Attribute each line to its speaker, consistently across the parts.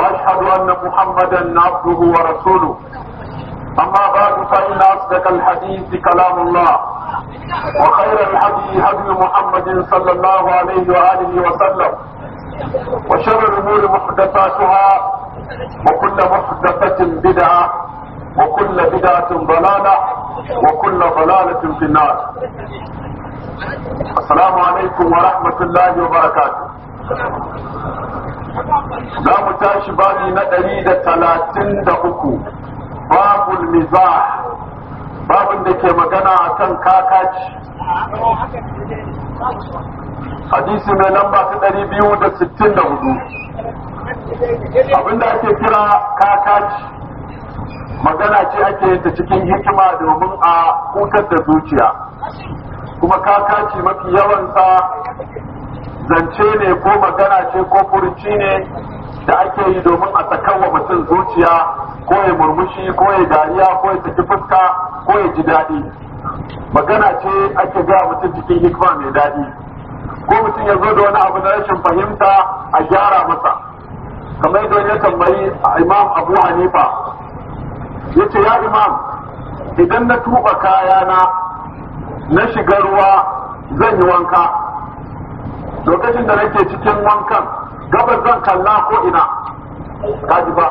Speaker 1: واشهد ان محمدا عبده ورسوله اما بعد فان اصدق الحديث كلام الله وخير الهدي هدي محمد صلى الله عليه واله وسلم وشر الامور محدثاتها وكل محدثه بدعه وكل بدعه ضلاله وكل ضلاله في النار
Speaker 2: السلام عليكم ورحمه
Speaker 1: الله وبركاته za mu tashi babi na ɗari da talatin da uku babul miza babin da ke magana a kan kakaci hadisi mai lamba ta ɗari biyu da sittin da hudu abinda ake kira kakaci magana ce ake yin ta cikin hikima domin a hutar da zuciya kuma kakaci mafi yawansa zance ne ko magana ce ko furuci ne da ake yi domin a wa mutum zuciya ko ya murmushi ko ya dariya ko ya saki fuska ko ya ji daɗi magana ce ake gaya mutum cikin hikima mai daɗi ko mutum ya zo da wani abu na rashin fahimta a gyara masa kamar yadda ya tambayi imam abu hanifa ya ce ya imam idan na tuba kayana na shiga ruwa zan yi wanka lokacin da nake cikin wankan gabas zan kalla ko ina kaji ba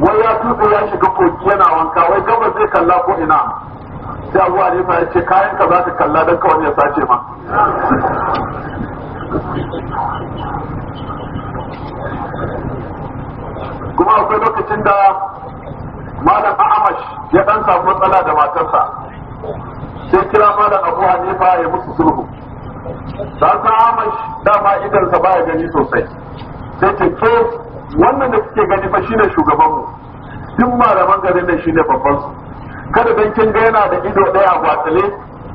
Speaker 1: wai ya tuɗe ya shiga koki yana wanka wai gabas zai kalla ko ina sai abuwa ne ya ce kayan ka za ka kalla don kawai ya sace ma kuma akwai lokacin da malam amash ya dan samu matsala da matarsa sai kira malam Abuwa ne hanifa ya musu sulhu da ta amash dama idansa baya gani sosai sai ce to wannan da kike gani fa shine shugaban mu duk malaman garin nan shine babban su kada dan kin ga yana da ido daya a gwatale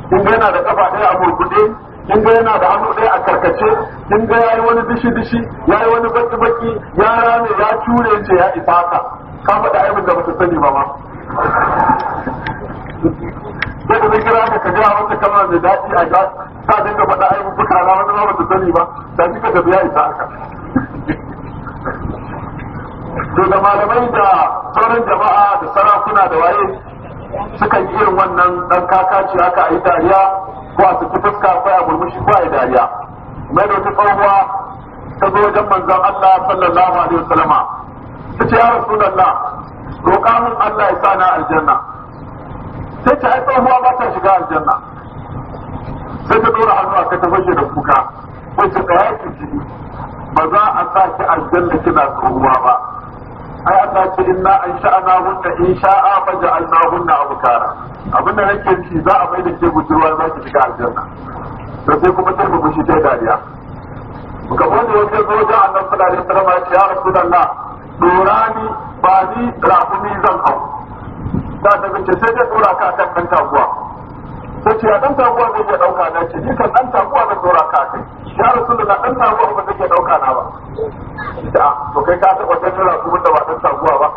Speaker 1: kin ga yana da kafa daya a murkude kin ga yana da hannu daya a karkace kin ga yayi wani dishi dishi yayi wani baki baki ya rame ya cure ce ya isa ka ka faɗa aibin da bata sani ba ma da na kira ka kaji a maka kamar da daɗi a ga ta dinga faɗa aibubuka na wani ma bata sani ba ta ji ka tafiya isa aka to da malamai da sauran jama'a da sarakuna da waye suka yi irin wannan ɗan kakaci haka a yi dariya ko a saki fuska ko a murmushi ko a yi dariya mai da wata tsohuwa ta zo wajen manzon Allah sallallahu alaihi sallama ta ce ya rasulullah roƙa min Allah ya sa na aljanna sai ta ai tsohuwa ba ta shiga aljanna sai ta dora hannu a ta fashe da kuka ko ta tsaya ki ji ba za a sa ki aljanna kina ruwa ba ai Allah ce inna an sha'ana hunna in sha'a fa ja'alna hunna abukara abinda nake ci za a mai da ke budurwa za ki shiga aljanna da sai kuma ta ku shi ta dariya ga wani zo da annabi sallallahu alaihi wasallam ya ce ya rasulullah dorani ba ni rafumi zan hau ba da mace sai zai dora ka akan ɗan taguwa sai ce ɗan taguwa zai iya ɗauka na ce ni kan ɗan taguwa zan dora ka kai ya rasu da ɗan taguwa ba zai iya ɗauka na ba da to kai ka taɓa ganin rakumin da ba ɗan taguwa ba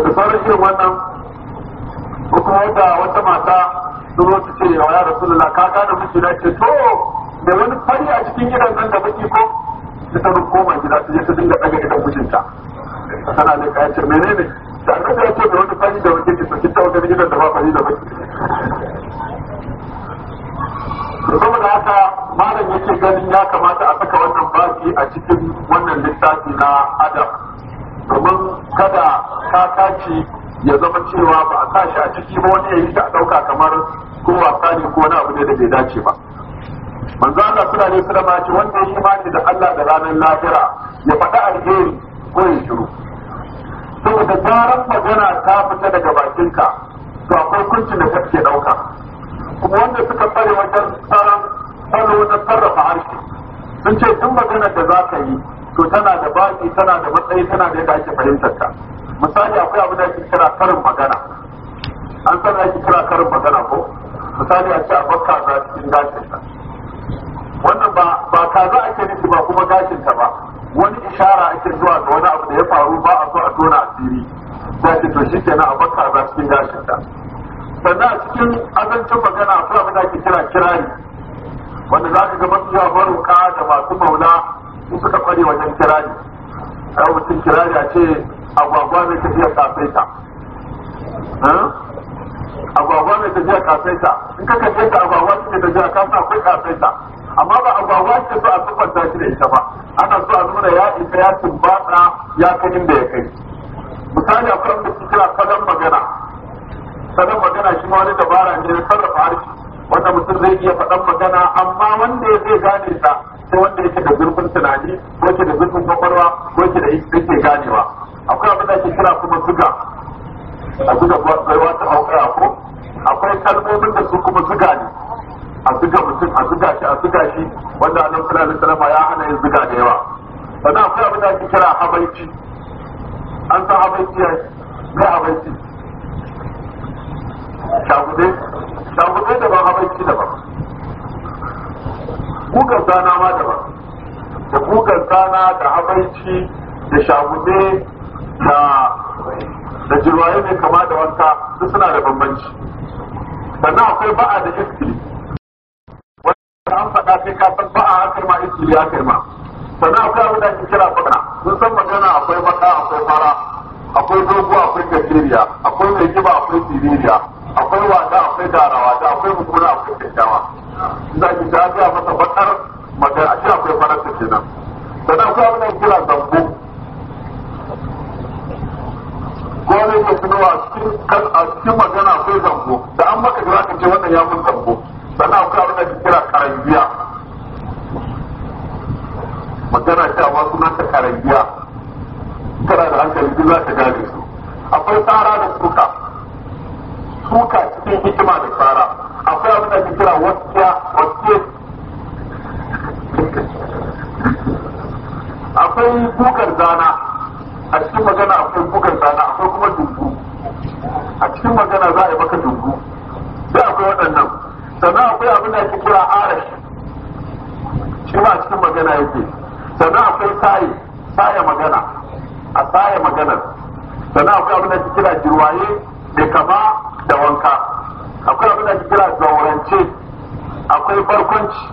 Speaker 1: da sauran irin wannan ko kuma wata wata mata su zo su ce wa ya rasulullah ka gane miki na ce to da wani fari a cikin gidan nan da baki ko ta koma gida su je ta dinga ɗaga gidan mijinta tana da kayan ce menene da annabi ya ce da wani fari da wani kisa kin tawo ganin da ba da baki to saboda haka malam yake ganin ya kamata a saka wannan baki a cikin wannan littafi na adam domin kada kakaci ya zama cewa ba a sa shi a ciki ba wani ya yi shi a ɗauka kamar ko wasa ne ko wani abu ne da bai dace ba manzo Allah suna ne suna ce wanda ya yi da Allah da ranar lafira ya faɗi alheri ko ya shiru to da zarar magana ta fita daga bakinka to akwai kuncin da kake dauka kuma wanda suka tsare wajen tsaron tsaro wajen sarrafa harshe sun ce duk magana da za ka yi to tana da baki tana da matsayi tana da yadda ake fahimtar ta misali akwai abu da ake kira karin magana an san ake kira karin magana ko misali a ce a bakka za cikin gashin wannan ba ba za ake nufi ba kuma gashin ta ba wani ishara ake zuwa ga wani abu da ya faru ba a so a tona asiri za ki to shikenan a bar kaza cikin gashin ta sannan a cikin azancin magana akwai abin da ake kira kirari wanda za ka gaba mafi yawa maruka da masu maula su suka kware wajen kirari a mutum kirari a ce agwagwa mai tafiya kafai ta eh? agwagwa mai tafiya kafai ta in ka kaje ta agwagwa take tafiya kafai ta amma ba a gwagwa ce so a sufanta shi da ita ba ana so a nuna ya isa ya tumbata ya kai inda ya kai misali a wanda da kira salon magana salon magana shi ma wani dabara ne na sarrafa harshe wanda mutum zai iya faɗan magana amma wanda ya zai gane ta ko wanda yake da zurfin tunani ko yake da zurfin kwakwalwa ko yake da yake ganewa akwai abin da ake kira kuma zuga a zuga gaiwa ta hauka ko akwai kalmomin da su kuma zuga ne a suka mutum a suka shi a suka shi wanda annabi sallallahu alaihi wasallam ya hana yin zuga da yawa sannan akwai abin da ake kira habaici an san habaici ya ne habaici shagude shagude da ba habaici da ba kukan zana ma da ba da kukan zana da habaici da shagude da da jirwaye mai kama da wanka duk suna da bambanci sannan akwai ba'a da iskili da an faɗa sai ka san ba a hakar ma iki ya kai sannan akwai abin da ake kira faɗa sun san magana akwai baka akwai fara akwai dogo akwai gajeriya akwai mai kiba akwai siririya akwai wada akwai darawa da akwai mukuna akwai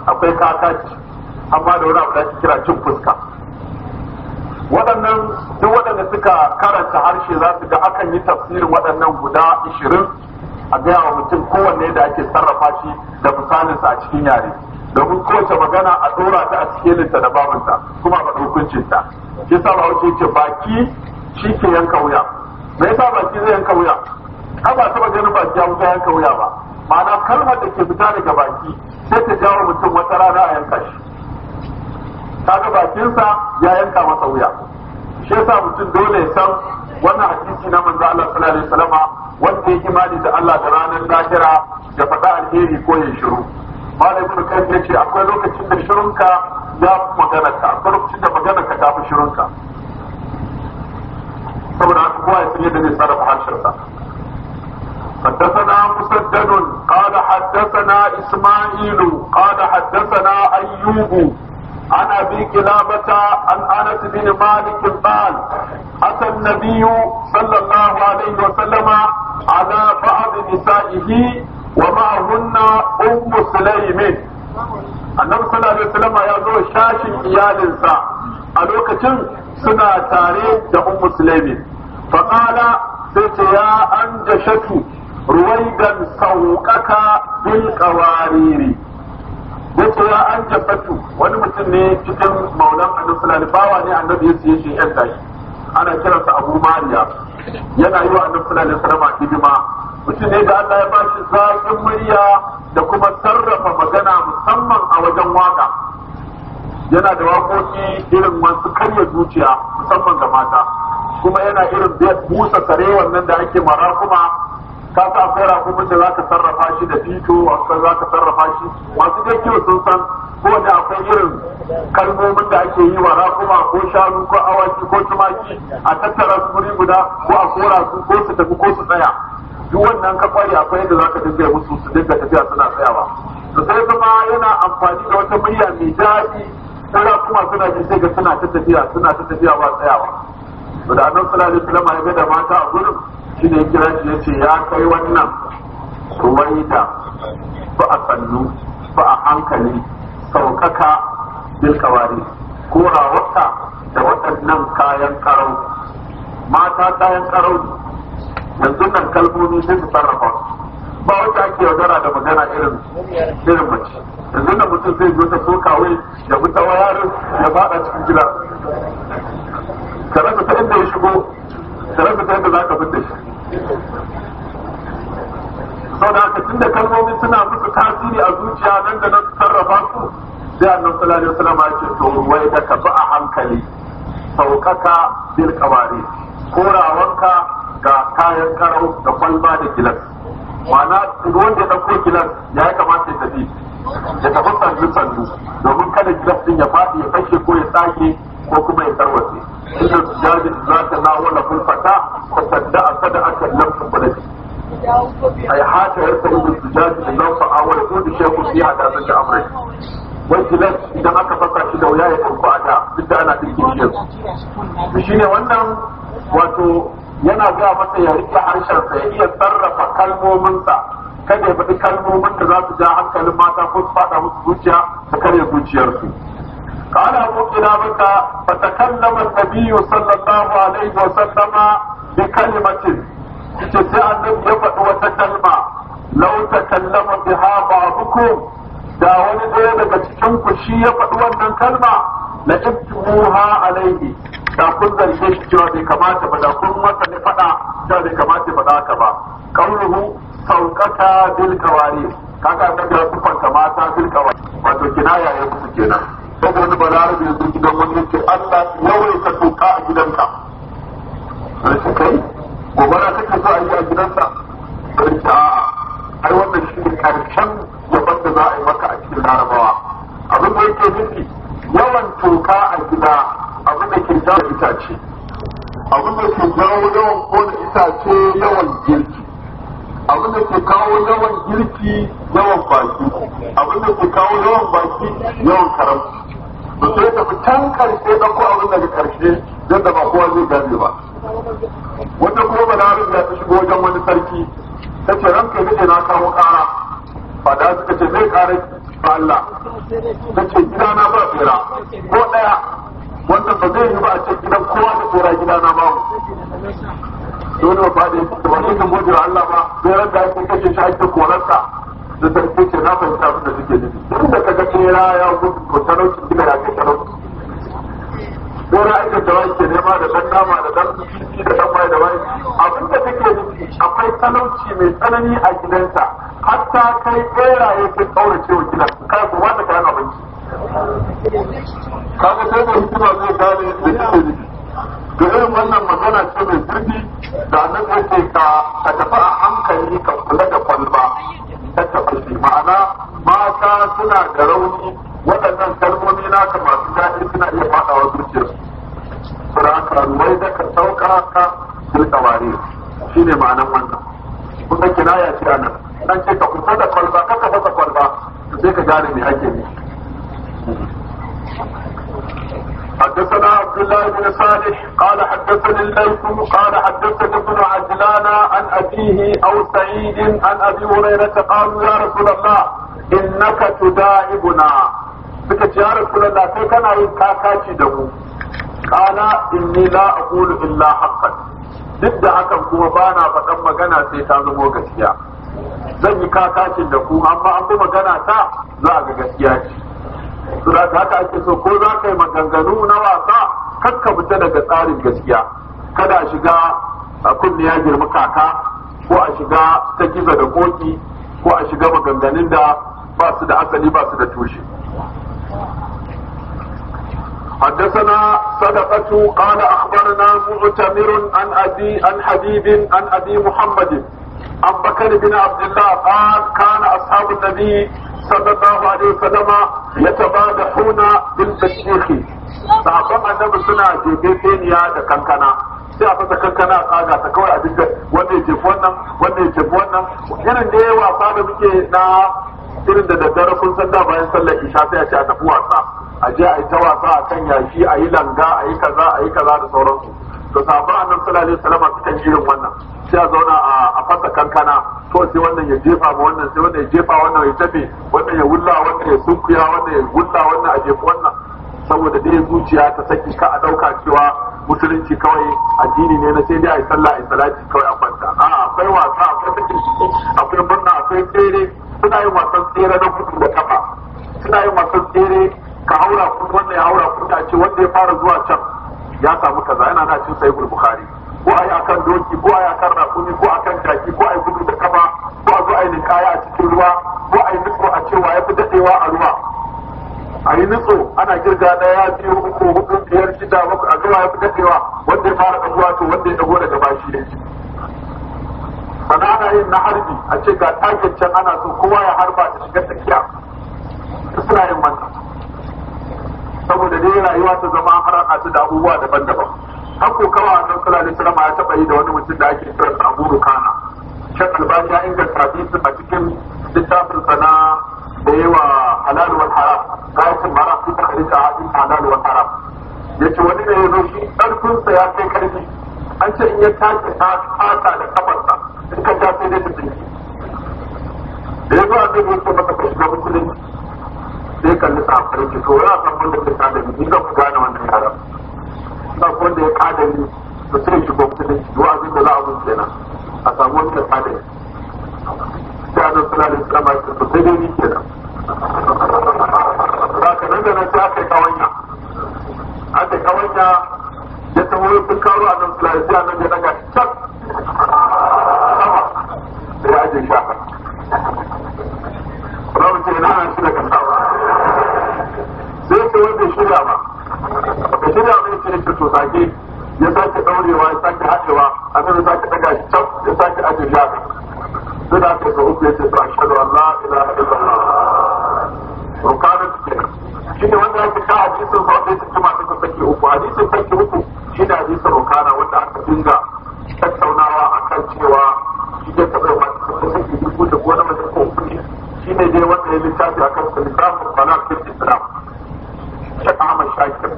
Speaker 1: akwai kakaci amma da wani abu da kira cin fuska waɗannan duk waɗanda suka karanta harshe za su ga akan yi tafsirin waɗannan guda ishirin a gaya wa mutum kowanne da ake sarrafa shi da misalinsa a cikin yare domin kowace magana a ɗora ta a cikin da babinta kuma ba ta. shi sa ba wuce ce baki shi ke yanka wuya me yasa baki zai yanka wuya Ka ba taɓa ganin baki ya wuta yanka wuya ba ma'ana kalmar da ke fita daga baki kaga sa ya yanka masa wuya shi yasa mutum dole ya san wannan hadisi na manzo Allah sallallahu alaihi wasallam wanda ya imani da Allah da ranar lahira ya faɗa alheri ko ya shiru malai ibn kayyim yace akwai lokacin da shirunka ya fi ka akwai lokacin da ka ta fi shirunka saboda haka kowa ya san yadda zai sarrafa harshensa حدثنا مسدد قال حدثنا اسماعيل قال
Speaker 2: حدثنا ايوب
Speaker 1: عن ابي كلابة عن انس بن مالك قال اتى النبي صلى الله عليه وسلم على بعض نسائه ومعهن ام سليم النبي صلى الله عليه وسلم يا زو شاشن iyalinsa a lokacin suna tare da ummu sulaimi faqala sai ce ya an jashatu ruwaidan sauƙaka bil qawariri yace ya an jabbatu wani mutum ne cikin maulan annabi sallallahu bawa ne annabi ya siye shi yan tashi ana kiransa abu mariya yana yi wa annabi sallallahu alaihi wasallam hidima mutum ne da Allah ya ba shi zaƙin murya da kuma sarrafa magana musamman a wajen waka yana da waƙoƙi irin masu karya zuciya musamman ga mata kuma yana irin busa sare nan da ake mara kuma ka a akwai raƙumin da za ka sarrafa shi da fito akwai za ka sarrafa shi masu dai kiwo sun san ko da akwai irin kalmomin da ake yi wa rakuma ko shanu ko awaki ko tumaki a tattara su wuri guda ko a kora su ko su tafi ko su tsaya duk wannan ka akwai yadda za ka a musu su dinga tafiya suna tsayawa to sai kuma yana amfani da wata murya mai daɗi ta raƙuma suna jin sai ga suna ta tafiya suna ta tafiya ba tsayawa to da annabi sallallahu alaihi ya ga da mata a gurin shi ne kira shi yace ya kai wannan suwaita ba a sannu ba a hankali saukaka bil kawari ko rawarta da waɗannan kayan karau mata kayan karau yanzu nan kalmomi sai su sarrafa ba wata ake yaudara da magana irin irin mace yanzu nan mutum zai zo ta so kawai da mutawa wayarin ya faɗa cikin gida ka rasa ta inda ya shigo ka ta inda za ka fita shi sau da haka tunda kalmomi suna musu tasiri a zuciya nan da nan sarrafa su sai annabi sallallahu alaihi wasallam ce to wai da ka a hankali saukaka bil kawari korawanka ga kayan karau da kwalba da gilas mana wanda ya ɗauko gilas ya kamata ya tafi ya tafi sandu sandu domin kada gilas ɗin ya faɗi ya fashe ko ya tsage ko kuma ya tarwatse inda sujadin za ta nawala kun fata ta tadda a sada aka lamfa kudade ai hata ya ta su sujadin da fa'a wani ko da shekun sai a dasar da amrai wai gilas idan aka fasa shi da wuya ya ɗauko a da duk da ana ɗin kishiyar shi ne wannan wato yana ga masa ya rike harshensa ya iya sarrafa kalmominsa kada ya faɗi kalmomin da za su ja hankalin mata ko su faɗa musu zuciya da karya zuciyarsu قال أبو قلابة فتكلم النبي صلى الله عليه وسلم بكلمة تسعى النبي وتكلم لو تكلم بها بعضكم da wani ɗaya daga cikin ku shi ya faɗi wannan kalma da kun zarge shi cewa bai kamata ba da kun masa ne faɗa cewa bai kamata faɗa haka ba kauluhu saukata bil kawari kaga da ya kufa mata bil kawari wato kinaya ya musu kenan saboda ba balarabe ya zuci don wani ce Allah yawaita tuka a gidanka sai kai gobara kake so a yi a gidanka sai ta ai wannan shi ne karshen gaban da za a yi maka a cikin larabawa abin da yake nufi yawan toka a gida abin da ke jawo itace abin da ke jawo yawan kona itace yawan girki abin da ke kawo yawan girki yawan baki abin da ke kawo yawan baki yawan karamci da sai tafi can karshe da ko abin daga karshe yadda ba kowa zai gane ba wanda kuma bala'in ya ta shigo wajen wani sarki ta ce ranka ne na kawo kara fada suka ce zai kare ba Allah ta ce gida na ba fira ko ɗaya wanda ba zai yi ba a ce gidan kowa da tsora gida na ba dole ba da yake ba kan gode wa Allah ba zai ran da ake kashe shi ake korarsa da sarki ce na fahimta abin da suke nufi inda kaga tsera ya gudu ko talauci gida ya ke talauci gora ita ta wani ke nema da ɗan nama da dan kifi da dan bai da bai abin da take nufi akwai talauci mai tsanani a gidansa hatta kai ya sun ɗaura cewa gidan kai ku wanda kayan abinci kaga sai da hikima zai gane da take da irin wannan magana ce mai zurfi da annabi yake ka shine ma'anan wannan kun ga kinaya ce anan dan ce ka kusa da kwalba ka ka fasa kwalba sai ka gane me ake ne حدثنا عبد الله بن صالح قال حدثني الليث قال حدثني ابن عجلان عن ابيه او سعيد عن ابي هريره قالوا يا رسول الله انك تداعبنا بك يا رسول الله كيف كان كاكاشي دمو قال اني لا اقول الا حقا duk kuma ba na faɗan magana sai ta zamo gaskiya zan yi kakashin da ku amma an bi magana ta za a ga gaskiya ce su da haka ake so ko za ka yi maganganu na wasa kakka fita daga tsarin gaskiya kada a shiga a kunni ya girma kaka ko a shiga ta gizo da koki ko a shiga maganganun da ba su da asali ba su da tushe حدثنا صدقة قال أخبرنا معتمر عن أبي عن حبيب عن أبي محمد عن بكر بن عبد الله قال كان أصحاب النبي صلى الله عليه وسلم يتبادحون بالبشيخ sahabban annabi suna jefefeniya da kankana sai a fasa kankana a tsaga ta kawai a dinga wanda ya wannan wanda ya jefi wannan irin da yawa wasa da muke na irin da daddare kun san da bayan sallar isha sai a ce a tafi wasa a je a yi ta wasa a kan yashi a yi langa a yi kaza a yi kaza da sauransu to sabo annabi sallallahu alaihi wasallam kan yi irin wannan sai a zauna a fasa kankana to sai wannan ya jefa ma wannan sai wannan ya jefa wannan ya tafi wannan ya wulla wannan ya sunkuya wannan ya wulla wannan a jefa wannan saboda dai zuciya ta saki ka a ɗauka cewa musulunci kawai addini ne na sai dai a yi sallah a yi salati kawai a kwanta a akwai wasa akwai saki akwai murna akwai tsere suna yin wasan tsere na gudu da kafa suna yin wasan tsere ka haura ku wannan ya haura ku ta ce wanda ya fara zuwa can ya samu kaza yana na cin sai bukhari ko ai akan doki ko ai akan rafuni ko akan jaki ko ai nitso ana girga daya biyu uku hudu biyar shida bakwai a zuwa ya fi dadewa wanda ya fara kasuwa to wanda ya ɗago daga bashi ne yin na harbi a ce ga takin can ana so kowa ya harba da shiga tsakiya suna yin wannan saboda dai rayuwa ta zama har su da abubuwa daban-daban har ko kawa nan kula da ya taba yi da wani mutum da ake kira Abu Rukana Shan ba ya inganta hadisin a cikin littafin sana da yawa halal wal haram kai gayatin bara fi ta hadin halal wal haram yace wani ne yazo shi karfin sa ya kai karfi an ce in ya tashi ta fata da kafar sa in ka ta sai dai ta tsinki da yazo annabi ya ce masa ka shiga musulunci sai kalli safari farki to ya san mun da ta da ni ku gane wannan yaran ba ko da ya kada ni to sai shi shigo musulunci duwa zai da la'abun kenan a samu wani ta da da suna da alaihi wasallam ya ce sai dai ni kenan ba ka nan da nan ta kai kawanya aka kawanya ya taho ya fi karo annabi sallallahu alaihi da nan daga cak sama da ya ajiye shafa rabu ce na nan shi daga sama sai ce wanda shirya ba da shirya ba shirya ce to ya sake daurewa ya sake haɗewa annabi sake daga shi can ya sake aje shi haka sai da aka uku ya ce to ashhadu an la ilaha su ke kenan shine wanda ya fita hadisin sa wanda ya masu ka sake uku hadisin sake uku shine hadisin rukana wanda aka dinga tattaunawa kan cewa shi ke taɓa sake dubu da gona ko kuɗi dai wanda ya littafi akan sa littafin falafin islam ahmad shakir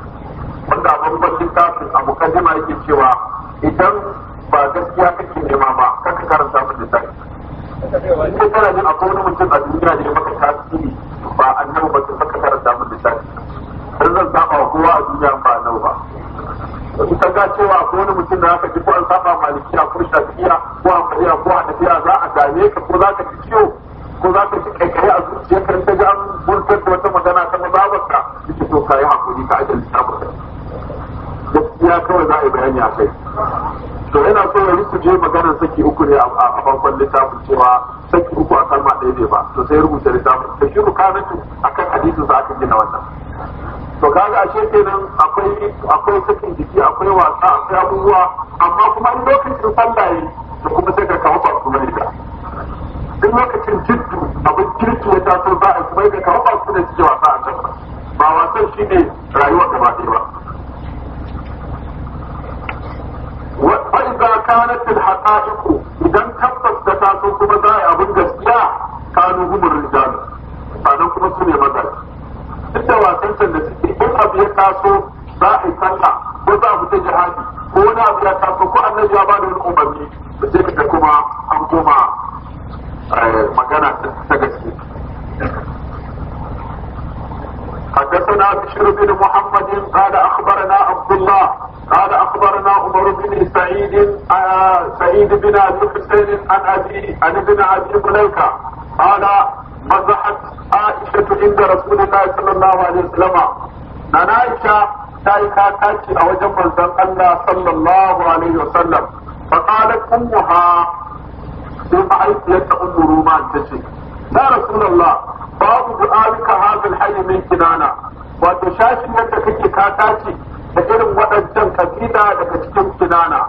Speaker 1: wanda abin bakin tafi a mukaddima yake cewa idan ba gaskiya kake nema ba kaka karanta mu littafi in kana jin akwai wani mutum a duniya da ya maka tasiri ba annabi ba saka karanta mu littafi dan zan saba wa kowa a duniya ba nan ba ita ga cewa akwai wani mutum da aka ji ko an saba malikiya ko shafiya ko amfaniya ko tafiya za a dame ka ko za ka ci ciwo ko za ka ci kaikayi a zuciyarka in ta ga an burtar da wata magana ta mazabarka ita to ka yi hakuri ka ajiye littafi ya kawai za a yi bayani a kai to yana so ya je maganar saki uku ne a farkon littafin cewa saki uku a kalma ɗaya ne ba to sai rubuta littafin ta shi bukanatu akan hadisin sa aka gina wannan to kaga ashe kenan akwai akwai sakin jiki akwai wasa akwai abubuwa amma kuma in lokacin sallah yi to kuma sai ka kawo ba su ne da in lokacin jiddu abin kirki ya taso za a kuma ka kawo ba su ne wasa a can ba wasan shi ne rayuwa gaba ɗaya ba وإذا كانت الحقائق إذا تبت تتاسو كما داي أبن جسيا كانوا هم الرجال كانوا كما سنة مدر إذا واسنسا نسيتي إن أبي تاسو داعي سنة وذا متجهادي ko wani abu ya taso ko annabi ya bada wani umarni da sai ka kuma an koma magana ta gaske حدثنا بشر بن محمد قال اخبرنا عبد الله قال اخبرنا عمر بن سعيد آه، سعيد بن ابي حسين عن ابي عن ابن ابي مليكه قال مزحت عائشه عند رسول الله صلى الله عليه وسلم نانا عائشه تاي تاتي او جنب الله صلى الله عليه وسلم فقالت امها ثم عائشه ام رومان تشي يا رسول الله باب دعائك هذا الحي من كنانا وتشاش من تكتي كاتاتي تجل ودجن كبيدا تكتي كنانا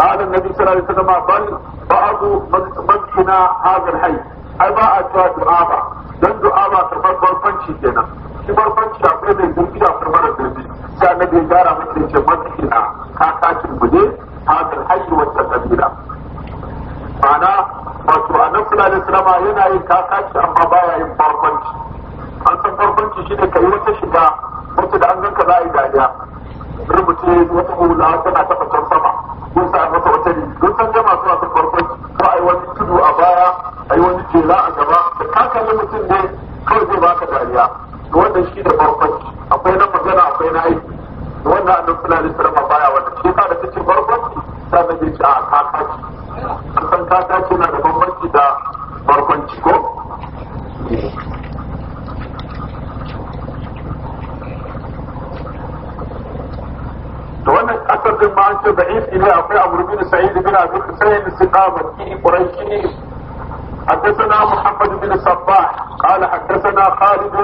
Speaker 1: قال النبي صلى الله عليه وسلم بل بعض من من كنا هذا الحي أبا أتوا دعاء لن دعاء تبر بربان شيء كنا تبر بربان شيء أبدا يمكن أن تبر بربان شيء كان النبي جارا من تجمع من كنا كاتاتي بدي هذا الحي وتكبيرا ma'ana wato annabi sallallahu alaihi wasallam yana yin kakaci amma baya yin barbanci an san barbanci da kai wata shiga wata da an ganka za a yi dariya rubuce wata hula tana taɓa can sama mun sa mata wata ne don san jama suna son barbanci ko a yi wani tudu a baya a yi wani jela a gaba da kakalin mutum ne kawai zai baka dariya da wannan shi da barbanci akwai na magana akwai na aiki wannan annabi sallallahu alaihi wasallam baya wannan shi ka da kace barbanci sannan ya ce a kakaci ضعيف إلي أخي عمرو بن سعيد بن أبي حسين السقامة قريشي حدثنا محمد بن الصباح قال حدثنا خالد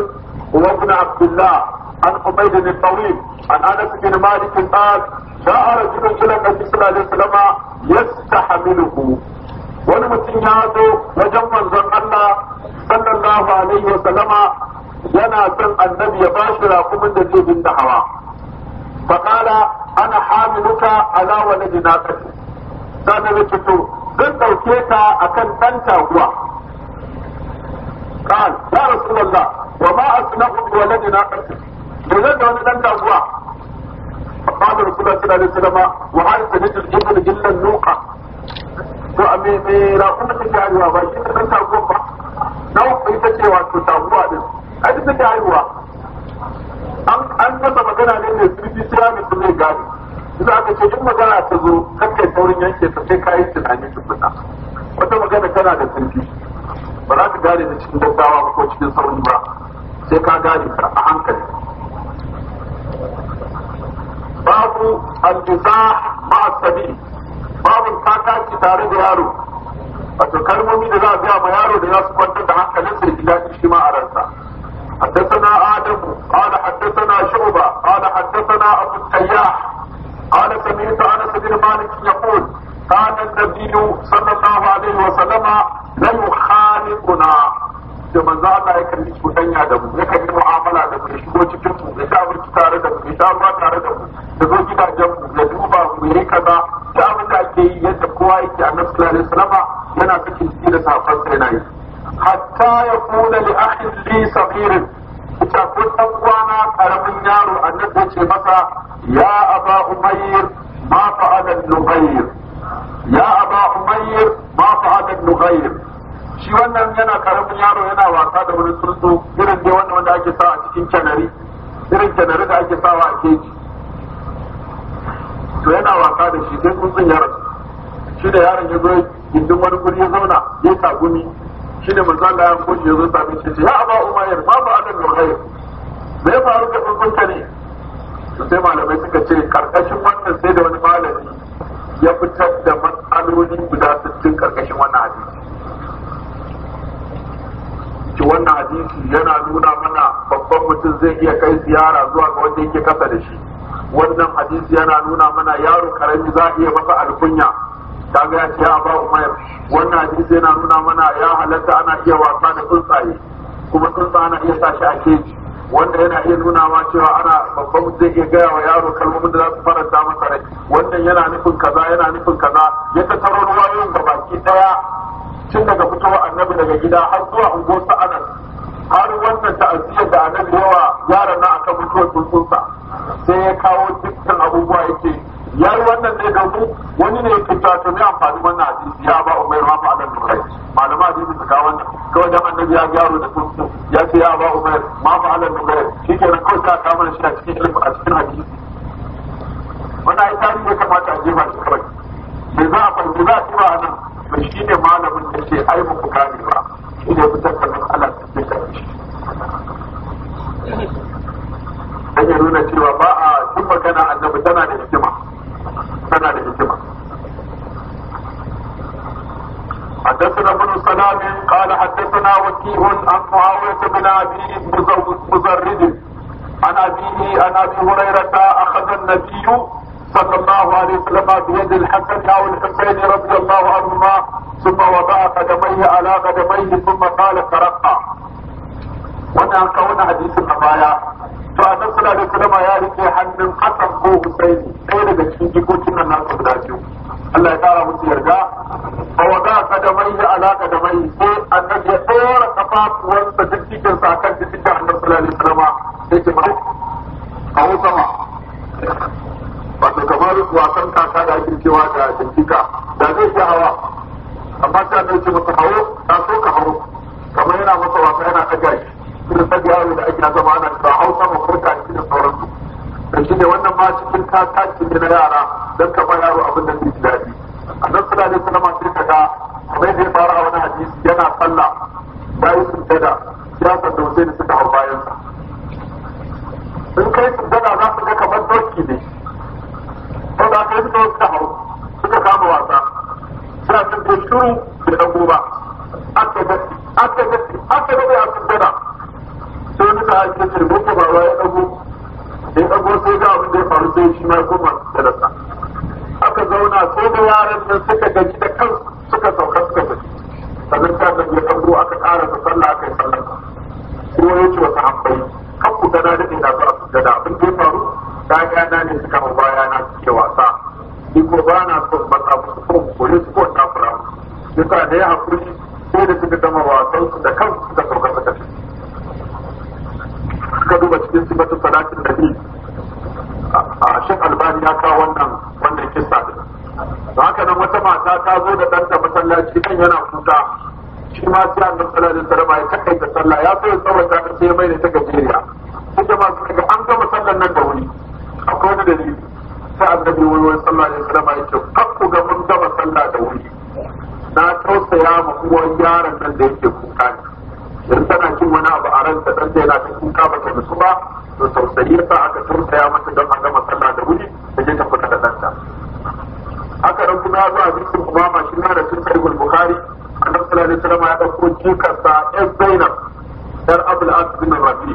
Speaker 1: هو ابن عبد الله عن عبيد بن الطويل عن أنس بن مالك قال جاء رجل إلى النبي صلى الله عليه وسلم يستحمله ولمسن يادو وجمع الله صلى الله عليه وسلم ينا سن النبي باشر أقوم النبي بن فقال انا حاملك على ولد ناسك دانا بيتو قد دوكيتا اكن انت هو قال يا رسول الله وما اصنعك بولد ناسك بولد وانا تنتا هو فقال رسول الله صلى الله عليه وسلم وهاي سنجل جبل جل النوقة تو امي مي را امت جاريوا وشيطة تنتا هو نوقي تشيوا تنتا هو ادي تشيوا an masa magana ne mai zurfi sai ya mutum zai gane aka ce in magana ta zo kakkai saurin yanke ta sai kayi tunani tukuna wata magana tana da zurfi ba za ka gane ta cikin gaggawa ko cikin sauri ba sai ka gane ta a hankali babu aljiza ma'a sabi babu takaki tare da yaro wato kalmomi da za a biya ma yaro da ya su kwantar da hankalin ya ji daɗi shi ma a ransa حدثنا آدم قال حدثنا شعبة قال حدثنا أبو التياح قال سمعت أنس بن مالك يقول كان النبي صلى الله عليه وسلم لا يخالقنا da manzo Allah ya kalli cutanya da mu yakan yi mu'amala da mu ya shigo mu ya sha abinci da mu ya sha ruwa da mu ya zo gidajen mu ya duba mu kaza da abin da ake yi yadda kowa yake a sallallahu alaihi yana cikin da safan sai na yi hatta ya لأخي لي صغير تقول sabirin ita النار أن kwana karamin يا أبا ce masa ya aba umayr ma fa'ala nughayr ya aba umayr ma shi wannan yana karamin yaro yana wasa da wani tsuntsu irin dai wannan wanda ake sa a cikin canari irin canari da ake sawa a keji to yana wasa da shi sai tsuntsun ya rasu shi da yaron ya zo gindin wani guri ya zauna ya tagumi shine manzo Allah ya koji yazo sami shi ya aba umayyar ma ba adam bil khair me ya faru da tsuntsunka ne sai malamai suka ce karkashin wannan sai da wani malami ya fitar da matsaloli guda 60 karkashin wannan hadisi ki wannan hadisi yana nuna mana babban mutum zai iya kai ziyara zuwa ga wanda yake kasa da shi wannan hadisi yana nuna mana yaro karami za a iya masa alkunya kaga ya ce ba umar wannan hadisi yana nuna mana ya halatta ana iya wasa da tsuntsaye kuma tsuntsa ana iya sa shi a keji wanda yana iya nuna ma cewa ana babban zai iya gaya wa yaro kalmomin da za su faranta masa rai wannan yana nufin kaza yana nufin kaza ya ta taro ruwayoyin ga baki daya tun daga fitowa annabi daga gida har zuwa unguwar sa'anan har wannan ta'aziyar da annabi yawa yaran na akan mutuwar tsuntsunsa sai ya kawo dukkan abubuwa yake ya yi wannan ne domin wani ne ke ta mai amfani wannan hadisi ya ba umar ma fa Allah dukai malama hadisi ta kawo wannan kawai dan annabi ya gyaro da kuntu ya ce ya ba umar ma fa shi dukai shikenan kawai ka kawo shi a cikin ilmi a cikin hadisi wannan ai tarihi ya kamata a jefa shi kawai me za a fahimci za a ci ba to shi ne malamin da ce ai ku gane ba shi ne fitar da mas'ala da ta shafi shi dan ya nuna cewa ba a duk magana annabi tana da hikima حدثنا ابن سلام قال حدثنا وكيع عن معاوية بن أبي مزرد عن أبيه عن أبي هريرة أخذ النبي صلى الله عليه وسلم بيد الحسن أو الحسين رضي الله عنهما ثم وضع قدميه على قدميه ثم قال ترقى وانا كون حديث النبايا to a nan da kulama ya rike hannun Hassan ko Husaini ɗaya daga cikin jikokin nan nasu guda biyu Allah ya kara musu yarda a wada mai da alaka da mai ko annabi ya tsora kafafuwansa duk cikin sa kan duk cikin annabi sallallahu alaihi wasallam yake ma a sama wato kamar wasan kaka da ake cewa da jinkika da zai ji hawa amma ta ne ce masa hawo ta so ka hawo kamar yana masa wasa yana ɗaga sun san yaro da ake zama ana ba hausa ba farka da cikin sauransu da shi ne wannan ma cikin kakaki ne na yara don ka ba yaro abin da zai ji daɗi a nan suna ne suna masu ka ga kamar da fara a wani hadisi yana sallah ya yi sujjada ya sanda wasu da suka hau bayansa in kai sujjada za su ga kamar doki ne sau da kai suka suka hau suka kama wasa suna cin ko shuru da ɗan goma aka ga aka ga aka ga da ya sujjada sai da ta ake cirbin da baba ya dago ya dago sai ga abin da ya faru sai shi ma koma talaka aka zauna ko da yaran nan suka gaji da kansu suka sauka suka tafi sannan ta zan ya ɗago aka ƙara da sallah aka yi sallah kowa ya ce wata hambayi kan ku gana da ina za su gana abin da ya faru ɗaya ne suka ma baya na suke wasa ni ko ba na son matsa musu ko mu kore su ko ta fura musu yasa da ya haƙuri sai da suka gama wasan su da kansu suka sauka suka tafi suka duba cikin sifatu salatin nabi a shek albani ya kawo wannan wannan kissa din da haka nan wata mata ta zo da ɗanta masallaci kan yana kuka shi ma sai annabi sallallahu da Salama ya da sallah ya so ya ta sai mai ne ta gajeriya ita ma suka ga an gama sallan nan da wuri akwai wani dalili sai annabi wani wani Sallah da Salama ya ce kakku ga mun gama sallah da wuri na tausaya ma uwar yaron nan da yake kuka ne yanzu tana cin wani abu a ransa dan da yana cikin kuka ta musu ba to tausayi yasa aka tausaya mata don a gama sallah da wuri ta je ta fita da ɗanta haka nan kuma ya zo a bisin umama shi na da sun sahihul bukhari annabi sallallahu alaihi wasallam ya ɗauko jikarsa ɗan zainab yar abul as na rabi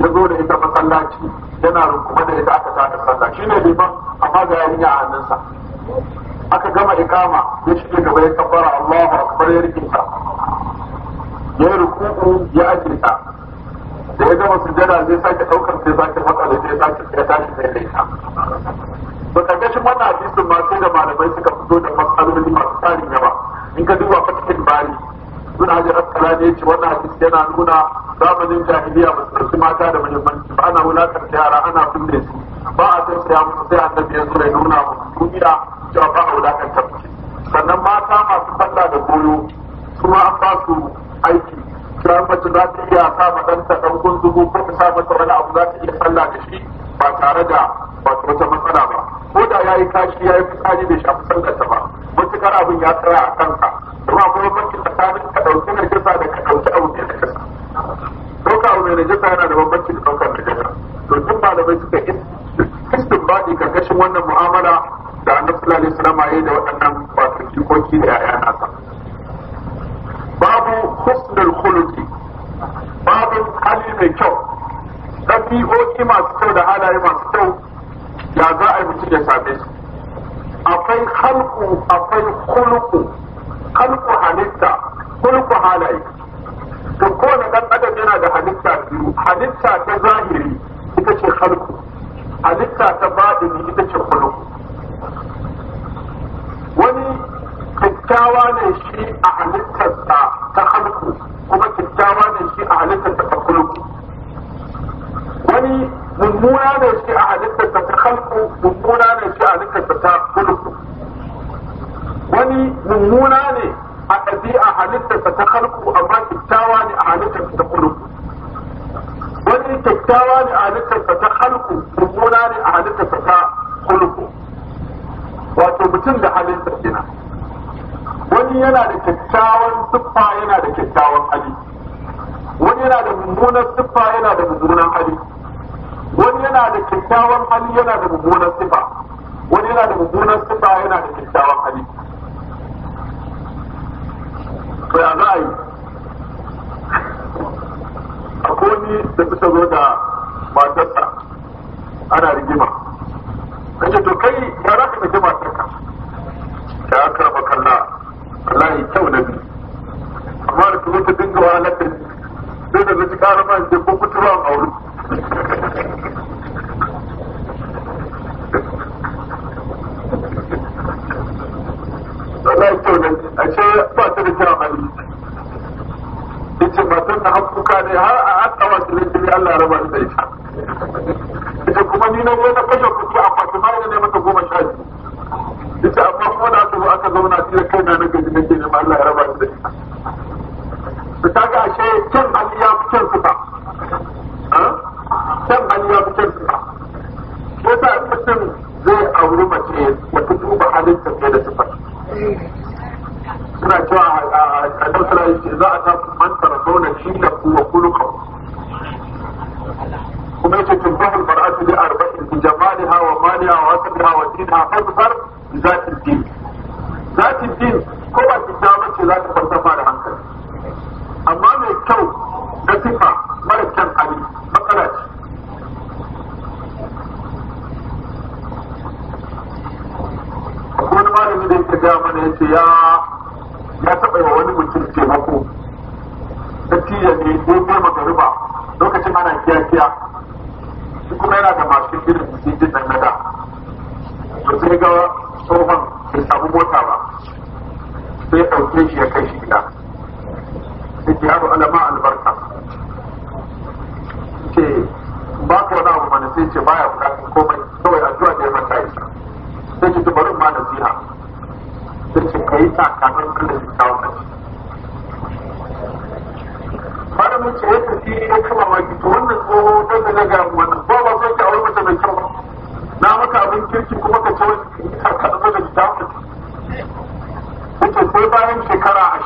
Speaker 1: ya zo da ita masallaci yana rukuma da ita aka tada sallah ne liman amma ga yarinya a hannunsa aka gama ikama ya shige gaba ya kabbara Allahu akbar ya rikinta ya yi rukuku ya ajirka da ya gama zai sake ɗaukar sai sake matsa da sai sake ya tashi sai da ita to wannan hadisin ma sai da malamai suka fito da matsaloli masu tsarin yawa in ka duba fatikin bari suna ajiyar askara ne ce wannan yana nuna zamanin jahiliya ba su ɗauki mata da muhimmanci ba ana wulaƙar yara ana binne su ba a tausaya musu sai annabi ya zo nuna musu duniya cewa ba a wulaƙar sannan mata masu sallah da goyo kuma an ba su aiki ta mace za ta iya sa ma ɗanta ɗan gunzugu ko ta sa mata wani abu za ta iya sallah da shi ba tare da wasu wata matsala ba ko da ya yi kashi ya yi a bai shafi sallarta ba matuƙar abin ya tsaya a kanka kuma akwai bambanci tsakanin ka ɗauki na jisa da ka ɗauki abu mai najasa ka abu na jisa yana da bambanci da ɗaukar jisa to duk malamai suka yi baɗi karkashin wannan mu'amala da annabi sallallahu alaihi wasallam ya yi da waɗannan wato jikoki da 'ya'ya nasa babu husnul khuluqi babu hali mai kyau ɗabi'o'i masu kyau da halaye masu kyau ya za a yi mutum ya same su akwai halku akwai khuluqu halku halitta khuluqu halaye to kowane ɗan adam yana da halitta biyu halitta ta zahiri ita ce halku halitta ta baɗini ita ce khuluqu wani kyakkyawa ne shi a halittarsa ta halku kuma kyakkyawa ne shi a halittarsa ta kulku wani mummuna ne shi a halittarsa ta halku mummuna ne shi a halittarsa ta kulku wani mummuna ne a a halittarsa ta halku amma kyakkyawa ne a halittarsa ta kulku wani kyakkyawa ne a halittarsa ta halku mummuna ne a halittarsa ta kulku wato mutum da halin kenan wani yana da kyakkyawan siffa yana da kyakkyawan hali wani yana da mummunan siffa yana da mummunan hali wani yana da kyakkyawan hali yana da mummunan siffa wani yana da mummunan siffa yana da kyakkyawan hali to ya za a yi akwai wani da suka zo da matarsa ana rigima kace to kai ya za ka mace 返てから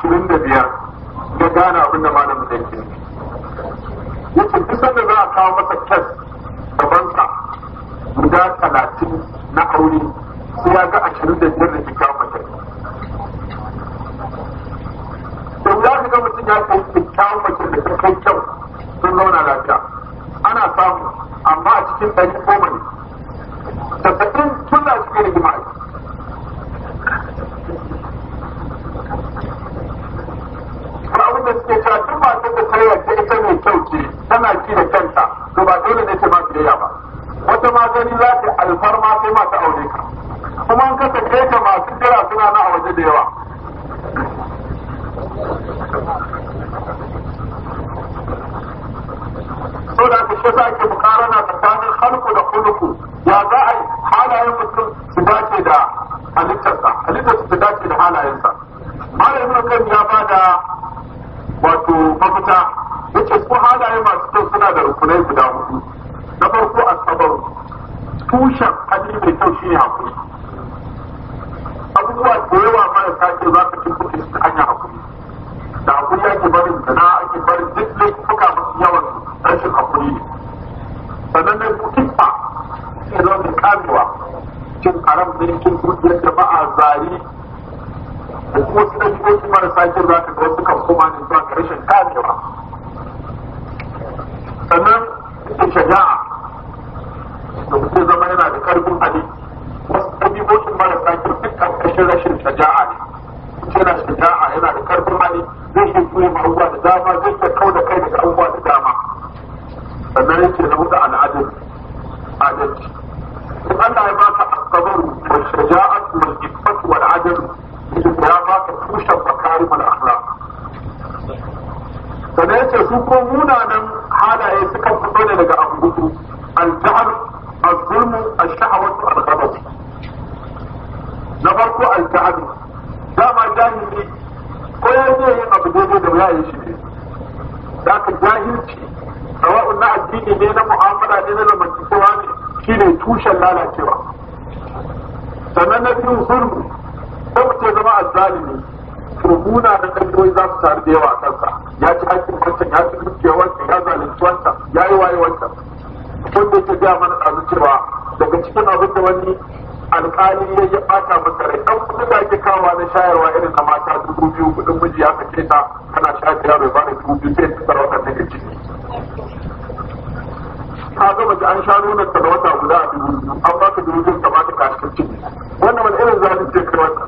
Speaker 1: abubuwa da yawa marasa ce za ka cin kuɗi ta hanyar hakuri da hakuri ake barin da na ake barin duk ne masu yawan rashin hakuri ne sannan na ku kifa ke zama da kamewa cin haram ne cin kuɗi yadda ba a zari da kuma su ɗan marasa ce za ka jayin shi ne da ka jahilci sawa'un na addini ne na mu'amala ne na zamantakewa ne shine tushen lalacewa sannan na biyu zulmu ko mutum zama azzalimi turbuna da ɗanɗoyi za su taru da yawa a kansa ya ci haƙƙin wancan ya ci dukiyar wancan ya zalunci wancan ya yi waye wancan wanda yake gaya mana ɗazu cewa daga cikin abin da wani alƙali ya yi ɓata masa rai ɗan kuɗin da ake kawo na shayarwa irin na mata dubu biyu kuɗin miji ya kace ta kana shafiya yaro ba da dubu biyu sai ta tsara wata daga ciki ka ga mace an sha nuna ta da wata guda a dubu biyu an ka dubu biyu ta bata kashin ciki wannan wani irin ce kai wannan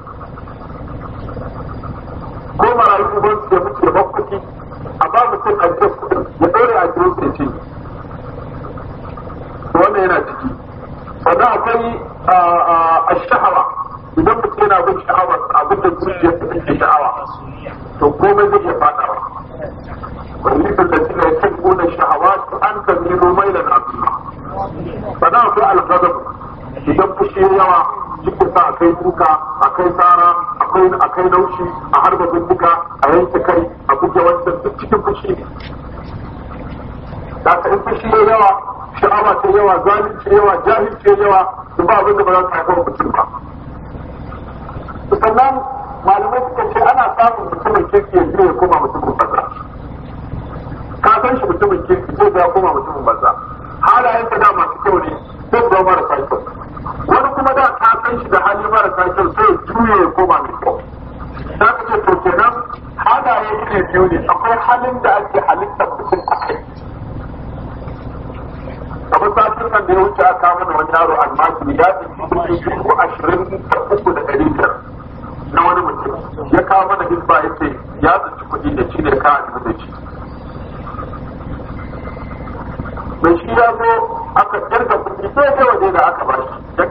Speaker 1: ko marayu ban ce ya ce ya bakwaki a ba mutum a cikin fushi ne da ka in fushi ne yawa sha'awa ce yawa zalunci yawa jahilci yawa su ba abin da ba za ta haifar mutum ba sannan malamai suka ce ana samun mutumin kirki yanzu ya koma mutumin banza ka san shi mutumin kirki zai ya koma mutumin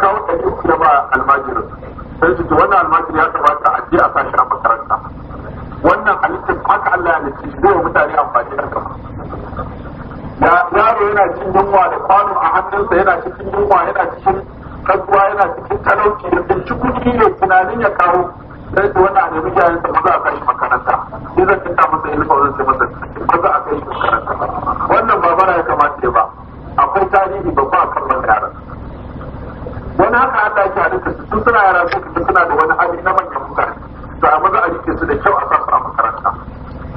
Speaker 1: kawo ɗari uku ya ba almajirin sai su ji wannan almajirin ya kamata a je a sashi a makaranta wannan halittar haka Allah ya halitta shi zai wa mutane amfani da kama ya yaro yana cin yunwa da kwano a hannunsa yana cikin yunwa yana cikin kasuwa yana cikin talauci da binci kuɗi ne tunanin ya kawo sai su wani a nemi jayen sa maza a kai makaranta sai zan cinta masa ilfa wani sai masa maza a kai makaranta wannan ba ya kamata ya ba akwai tarihi babba a kan wannan yaran wani haka Allah a duka su suna yara su kuma suna da wani hali na manyan mutane to a maza a rike su da kyau a sa su a makaranta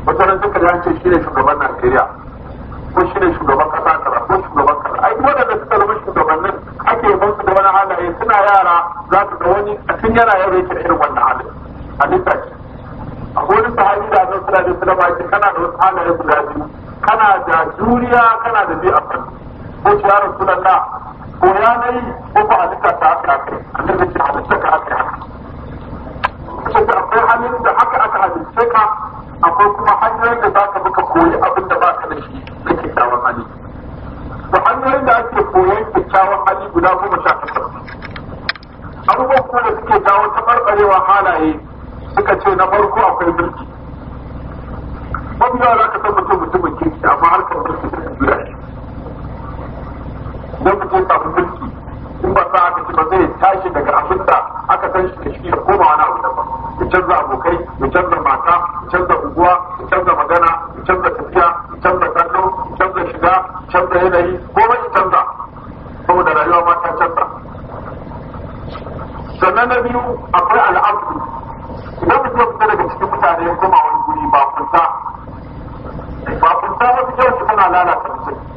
Speaker 1: makarantar duka da ce shi ne shugaban Najeriya ko shi ne shugaban kasa kaza ko shugaban kaza ai waɗanda suka zama shugabannin ake yi su da wani halaye suna yara za su ga wani a cikin yana yau yake da irin wannan halin halitta ce a wani sahabi da suna da alaihi wasallam kana da wasu halaye guda biyu kana da juriya kana da bi a fanni ko ya rasulullah ko ya nayi ko ko halitta ta haka aka da ce halitta ka haka haka akwai halin da haka aka halitta ka akwai kuma hanyoyin da zaka buka koyi abin da ka da shi da kyakkyawan hali da hanyoyin da ake koyon kyakkyawan hali guda goma sha takwas abubuwan kuma da suke jawo taɓarɓarewa halaye suka ce na farko akwai birki. Babu yawa za ka san mutum mutumin kirki amma harkar mulki ta lokacin kafin mulki in ba sa aka ci ba zai tashi daga abin da aka san shi da shi da koma wani abu daban ya canza abokai ya canza mata ya canza unguwa ya canza magana ya canza tafiya ya canza kallo ya canza shiga ya canza yanayi komai ya canza saboda rayuwa ma ta canza sannan na biyu akwai al'abdu idan mutum ya fita daga cikin mutane ya koma wani guri ba kunta ba kunta wasu kyau su tana lalata mutum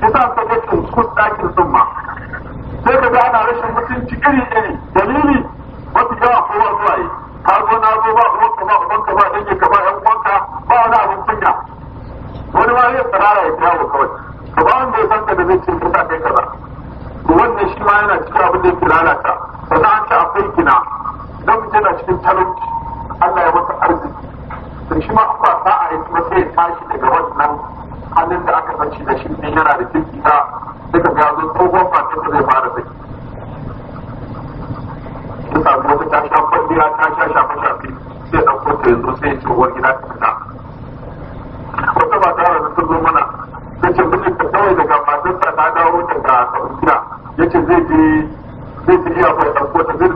Speaker 1: yasa suka ga su ɗakin sun ma sai ka ga ana rashin mutunci iri iri dalili wasu yawa kowa zuwa waye. ka zo na zo ba uwanka ba uwanka ba dange ka ba yan uwanka ba wani abin kunya wani ma yin tsarara ya kyawo kawai ka ba wanda ya san ka da zai ce ka sa kai kaza to wannan shi ma yana cikin abin da yake lalata sannan an ce akwai gina namiji yana cikin talauci with the good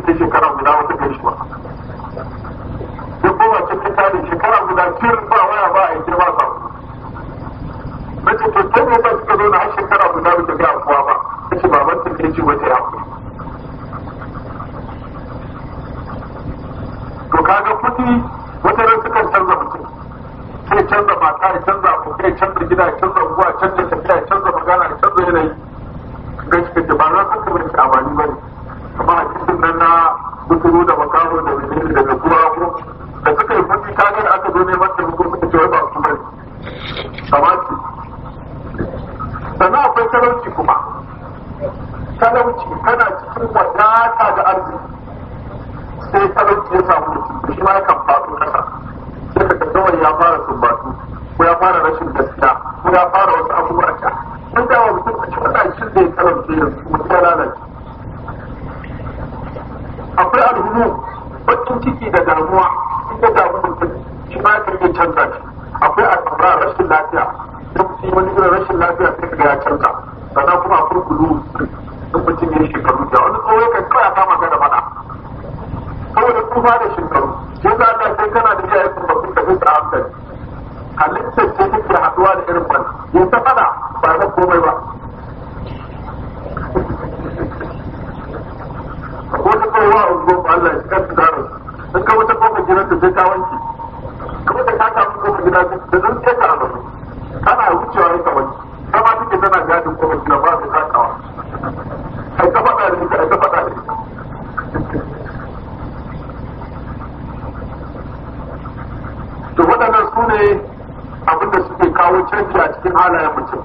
Speaker 1: cikin halayen mutum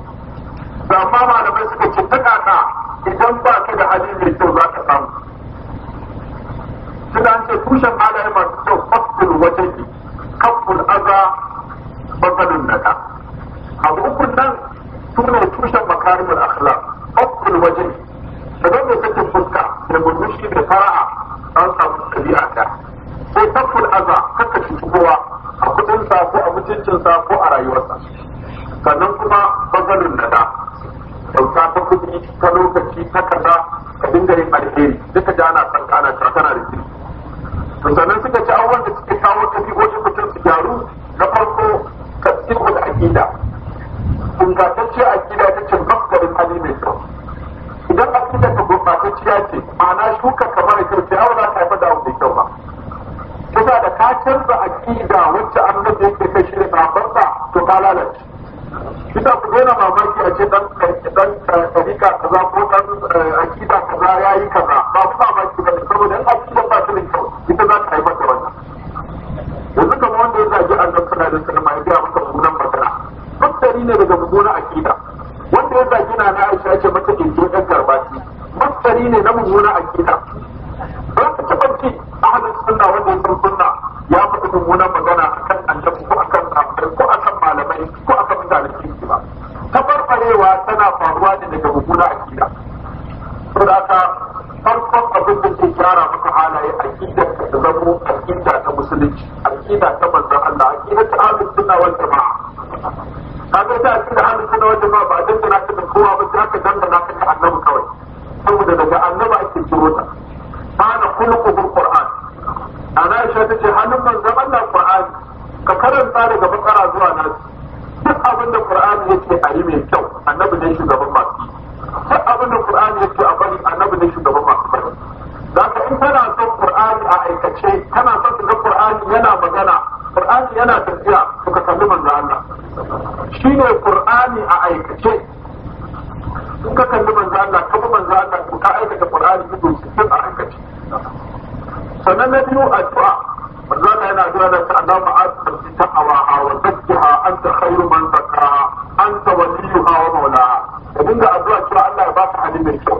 Speaker 1: da amma malamai suka ce ta kaka idan ba ka da hali mai kyau za ka samu suna an ce tushen halayen masu kyau fasfin wajen kafin aza matsalin ta lokaci haka? wanda ba ba dangana ta da kowa ba ta aka na ta da annabi kawai saboda daga annabi ake kiro ta kana ku qur'an ana aisha ta ce halin zaman na qur'an ka karanta daga bakara zuwa nasu duk abin da qur'an yake a yi mai kyau annabi ne shugaban masu duk abin da qur'an yake a bari annabi ne shugaban masu bari zaka in kana son qur'an a aikace kana son ga qur'an yana magana qur'an yana tafiya to ka kalli Allah shine ƙur'ani a aikace in ka kalli manzo Allah ka bi manzo Allah ko ka aikata ku ido cikin a aikace sannan na biyu addu'a manzo Allah yana addu'a da Allah ma'at taqwaha wa zakkaha anta khairu man zakkaha anta waliyuha wa mawlaha ka dinga addu'a cewa Allah ya baka hali mai kyau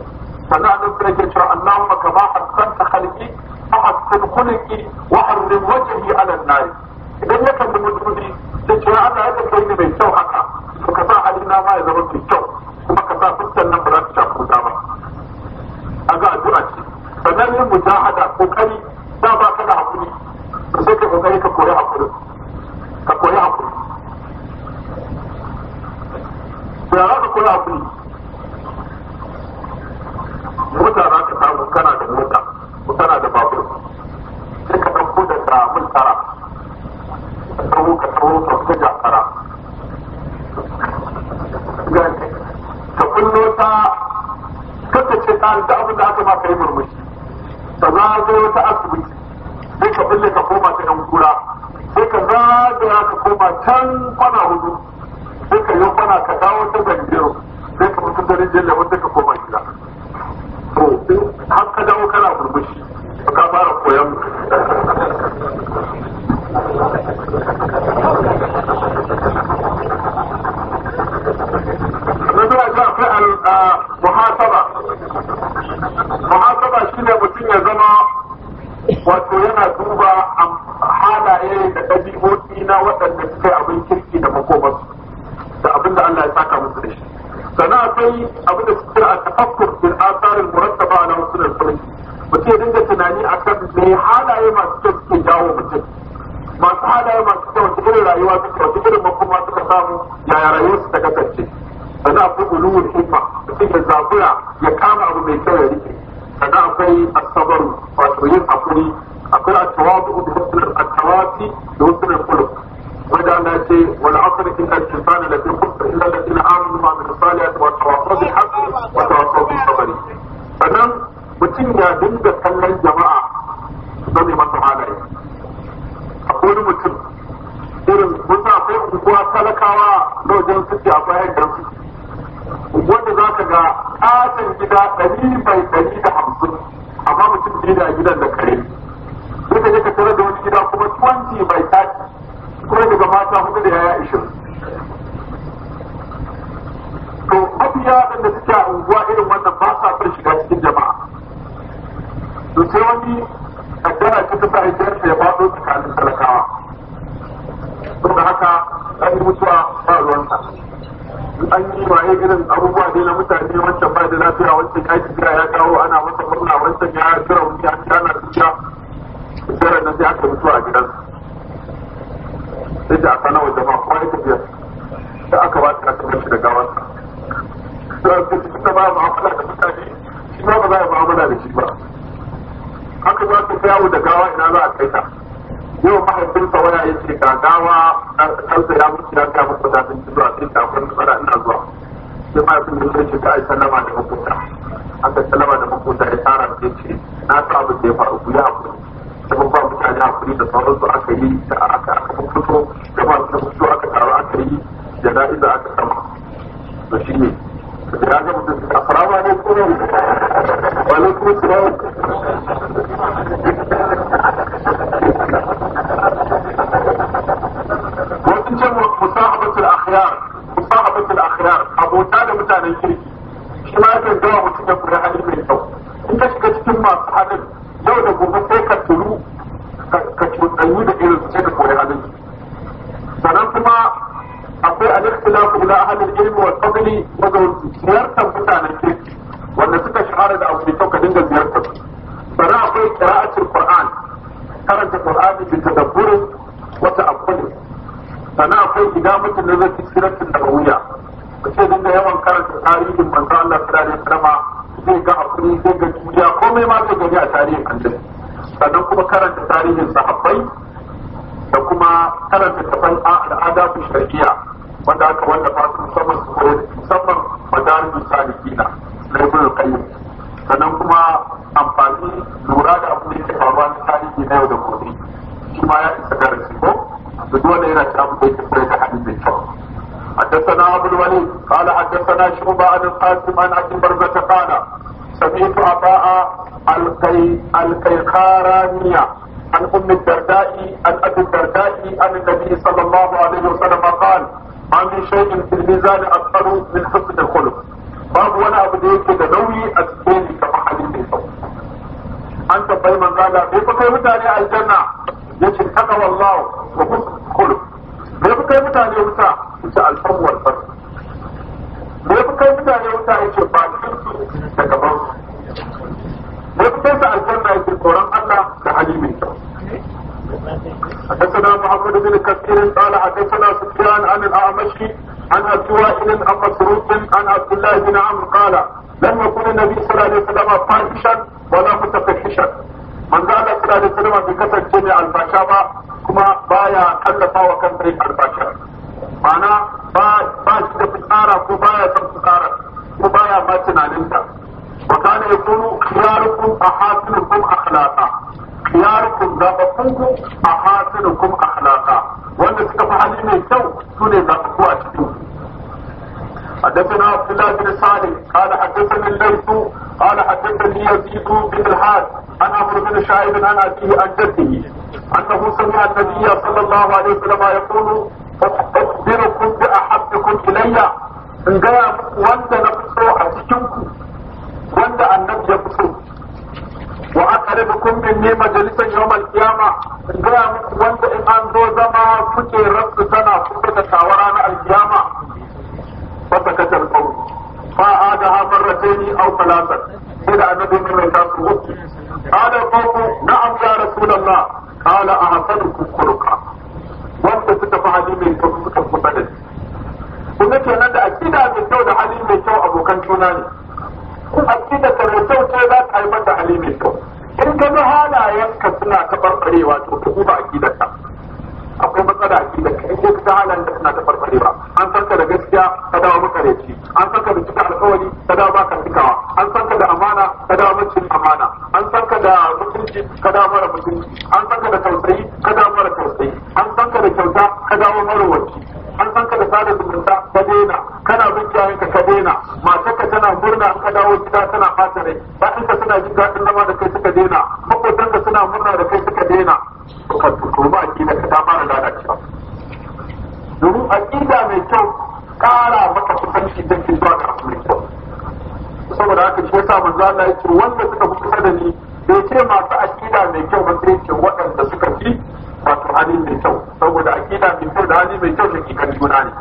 Speaker 1: da wasu da kulub wanda ce wal inda akwai matsala ina zuwa sai ma yakin da zai shiga sallama da makota aka sallama da ya tsara da ce na sa abin da ya faru ku yi hakuri sai ba mutane hakuri da sauransu aka yi akwai mutum da zai siratin da wuya ce dinga yawan karanta tarihin manzo Allah sallallahu alaihi wasallam zai ga hakuri zai ga juriya komai ma zai gani a tarihin annabi sannan kuma karanta tarihin sahabbai da kuma karanta tafan al'ada su shar'iyya wanda aka wallafa su musamman su koyar musamman madarijus salikina na ibn qayyim sannan kuma amfani lura da abin da yake faruwa na tarihi na yau da gobe shi ma ya isa garin ko بدون ان اشرب بيت حديث الشرب حدثنا ابو الوليد قال حدثنا شعبة عن القاسم عن عبد برزة قال سمعت عطاء القي القيقارانية عن ام الدرداء عن ابي الدرداء عن النبي صلى الله عليه وسلم قال ما من شيء في الميزان اكثر من حسن الخلق باب ولا ابو da nauyi a كما حديث hadisi an tabbai man Allah bai fi kai mutane aljanna yace haka wallahu wa kuskul bai fi kai mutane wuta yace alfam wal fat bai fi kai mutane wuta yace ba da gaban bai fi kai ta aljanna yace koran Allah da halimin kyau حدثنا محمد بن كثير قال حدثنا سفيان عن الاعمش عن ابي وائل عن مسروق عن عبد الله بن عمرو قال لم يكن النبي صلى الله عليه وسلم فاحشا ولا متفحشا من قال صلى الله عليه وسلم بكثر جميع الفاشا كما بايا كلفا وكثر الفاشا معنى ba shi da fitsara ko baya son fitsara ko baya ma tunaninta wa kana yakunu khiyarukum ahasinukum akhlaqa خياركم zaɓaɓɓunku محاسنكم اخلاقا akhlaqa wanda suka fi hali mai kyau su حدثنا عبد الله بن صالح قال حدثني الليث قال حدثني يزيد بن الحاج انا امر بن شعيب عن ابيه عن جده انه سمع النبي صلى الله عليه وسلم يقول اخبركم باحبكم الي ان جاء وانت نفسه اتيكم وانت النبي يفسو واقربكم مني مجلسا يوم القيامة قام وانت ان دو زما كتي رب سنة كنت تشاوران القيامة فسكت القوم فآدها مرتين او ثلاثة إلى نبي من الله قال القوم نعم يا رسول الله قال أحسنكم خلقا jin daɗin zama da kai suka daina makwatan da suna murna da kai suka daina to ka tuba aƙida ka ta fara lalacewa domin aƙida mai kyau ƙara maka kusanci don ki zuwa ga mai kyau saboda haka shi yasa manzo Allah ya ce wanda suka fi kusa da ni bai ce masu aƙida mai kyau ba sai ce waɗanda suka fi wato hali mai kyau saboda aƙida mai kyau da hali mai kyau da kikan juna ne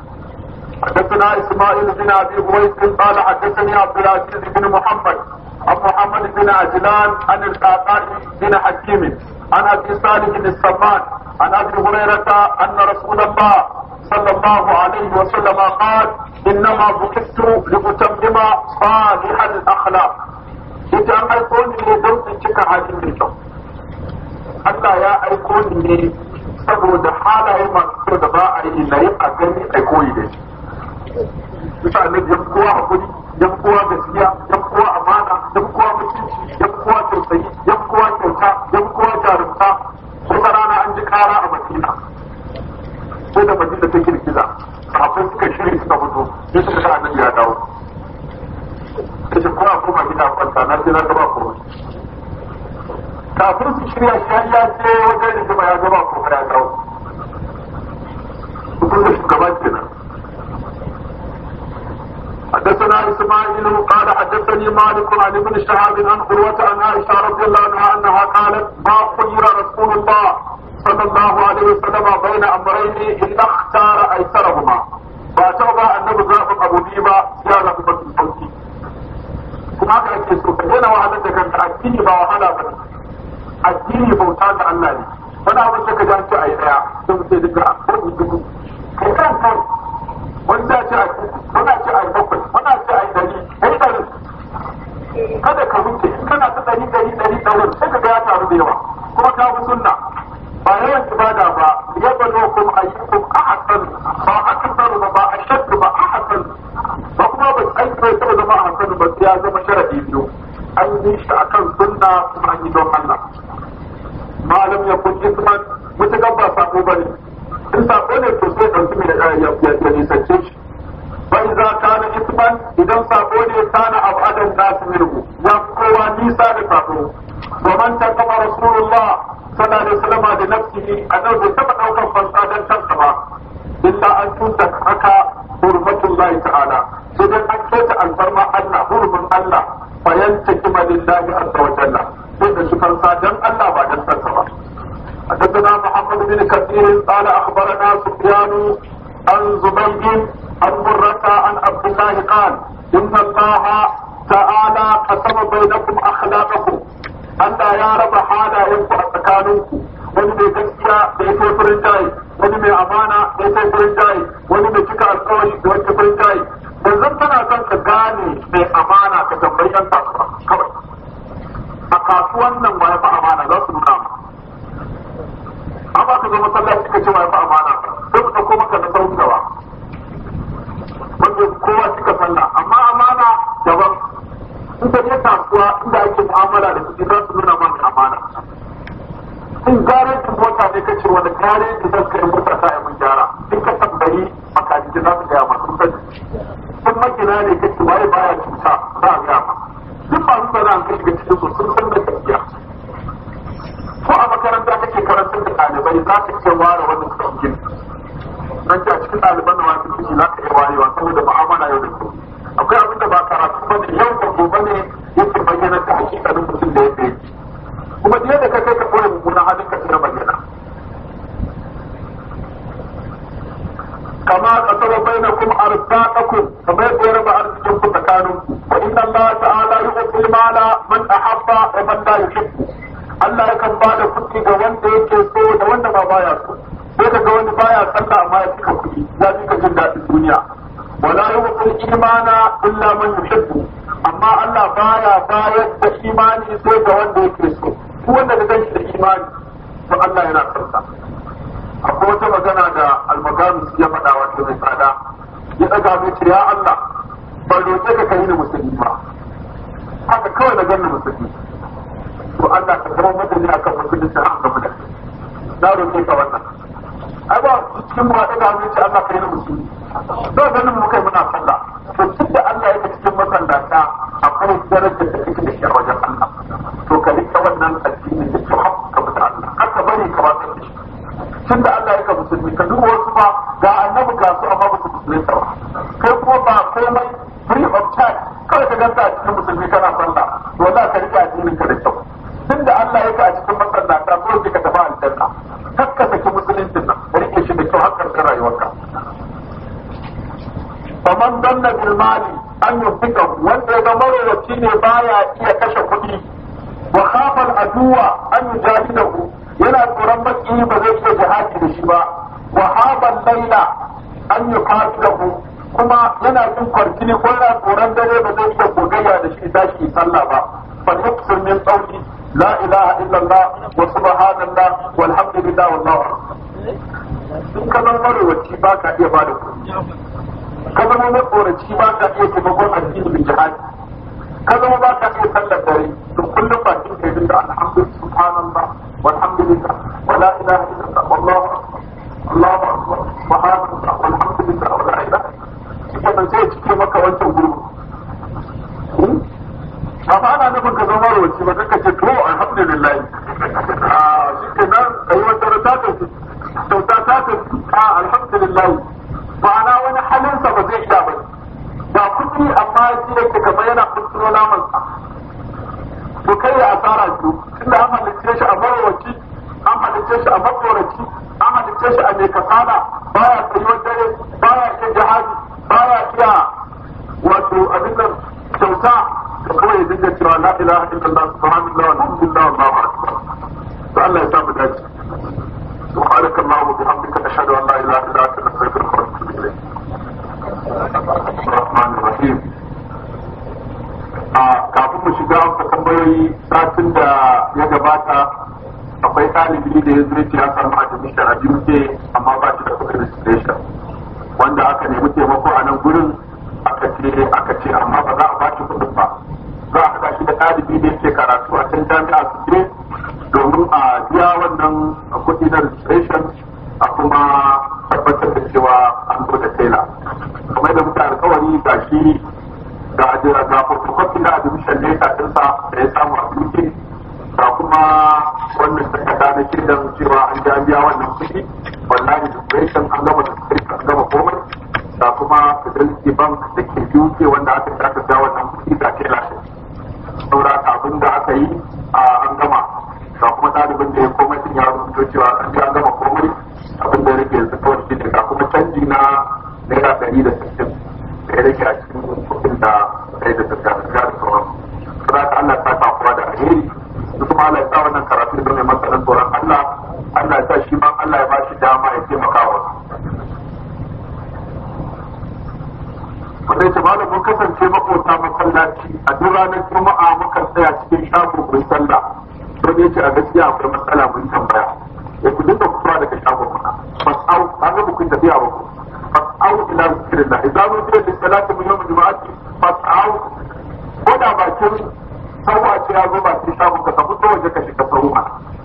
Speaker 1: حدثنا اسماعيل بن ابي هويس قال حدثني عبد العزيز بن محمد بن عجلان عن القعقاع بن حكيم عن ابي صالح بن الصفان عن ابي هريره ان رسول الله صلى الله عليه وسلم قال انما بعثت إسماعيل قال حدثني مالك عن ابن شهاب عن قروة عن عائشة رضي الله عنها أنها قالت ما خير رسول الله صلى الله عليه وسلم بين أمرين إلا اختار أيسرهما فتوضع النبي زاف أبو ديبا زيادة في بطل صوتي كما كان يسوع هنا وعلى كان أديني ما وعلى بنا أديني بوتان الله لي وأنا أقول لك أنت أي ثم تدقى أقول كيف كان وأنت أتأكد ko ta fi sunna ba yawan ibada انسان اب بڑا su gaya sun sani sun makina ne kake waye baya cuta za a gaya duk ba su zana an kai shiga cikin su sun san da tafiya ko a makaranta kake karantar da ɗalibai za ka iya ware wani cikin nan ce a cikin ɗaliban da wani ciki za ka iya warewa saboda ma'amala yau da kullum akwai abin da ba karatu ba ne yau ba Allah baya bayar da imani sai ga wanda yake so ko wanda da ganshi da imani to Allah yana karsa akwai wata magana da su ya faɗa wato mai tsada ya ɗaga mai ce ya Allah ba roƙe ka kai ni musulmi ba haka kawai na ganni musulmi to Allah ka zama mutum akan musulunci har ga mutum na roƙe ka wannan ai ba cikin mu ɗaga mai ce Allah mali an yufika wanda ne baya iya kashe kuɗi wa khafal aduwa an yujahidahu yana tsoron baki ba zai iya jihadi da shi ba wa habal laila kuma yana jin kwarkini tsoron dare ba zai iya da shi tashi ba fal yaksur min qawli la iya bada kuɗi matsoraci ba ka iya taimakon addini da jihadi ka zama ba ka iya sallar dare to kullum ba kin kai dinga alhamdulillah subhanallah walhamdulillah wala ilaha illallah wallahu akbar allahu akbar subhanallah mun kasance makota masallaci a duk ranar juma'a muka tsaya cikin shago mun sallah sai ce a gaskiya akwai matsala mun tambaya ya eh, ku dinga daga muna fas'au an ga tafiya ba ku fas'au ila zikirillah idan mun da salatu mun yau juma'ati fas'au ko da bakin sauwa ce ya zo ka tafi ta waje ka shiga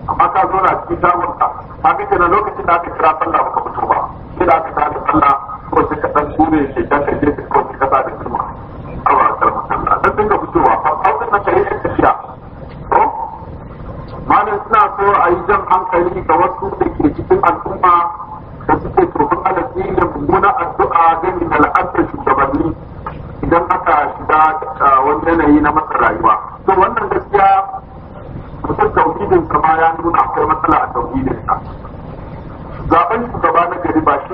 Speaker 1: amma ka zo na cikin shagon ka ka lokacin da aka kira sallah baka fito ba sai da aka kira sallah ko sai ka dan shi ka je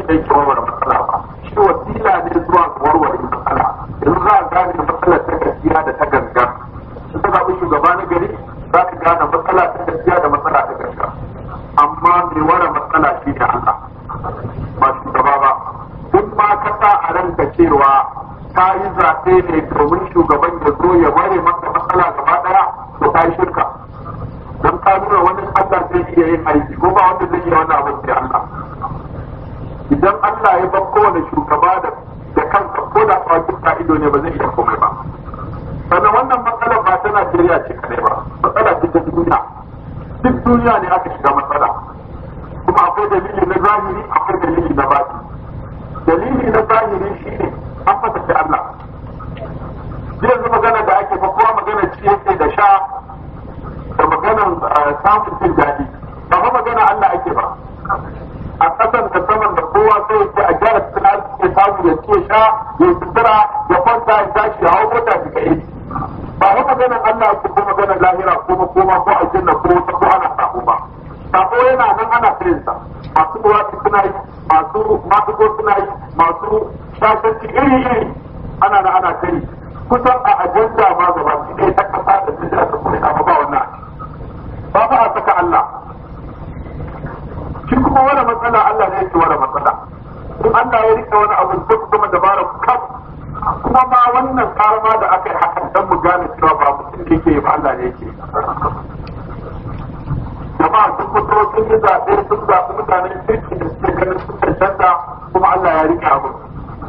Speaker 1: big ido ne ba zai iya komai ba sannan wannan matsalar ba ta Najeriya ce kadai ba matsala ce ta duniya duk duniya ne aka kusan a ajanta ma gaba cikin ta kasa da su da aka kuri amma ba wannan ba ba a saka Allah shi kuma wani matsala Allah ne yake wani matsala in Allah ya rike wani abu duk kuma gama dabarar kan kuma ma wannan karama da aka yi hakan dan mu gane cewa ba mutum yake ba Allah ne yake jama'a sun fito sun yi zaɓe sun zaɓi mutanen kirki da suke ganin sun cancanta kuma Allah ya rike abu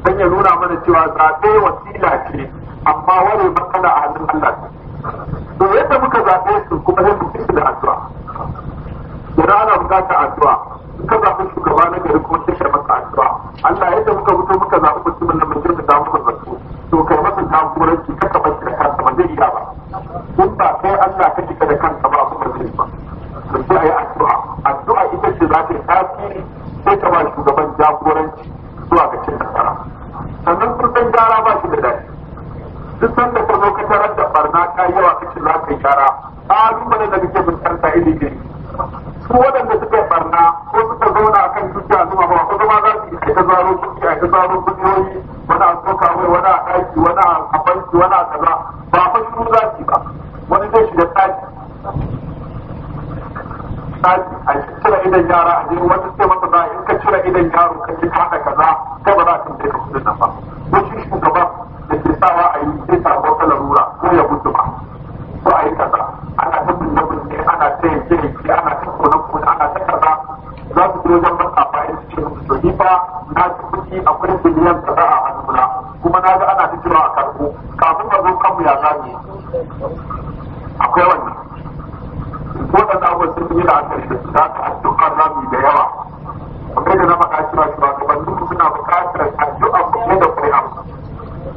Speaker 1: dan ya nuna mana cewa zaɓe wasila ce amma wani matsala a hannun Allah za ka addu'ar rami da yawa kamar yadda na faɗa cewa shugabannin suna buƙatar addu'a fiye da ƙuri'an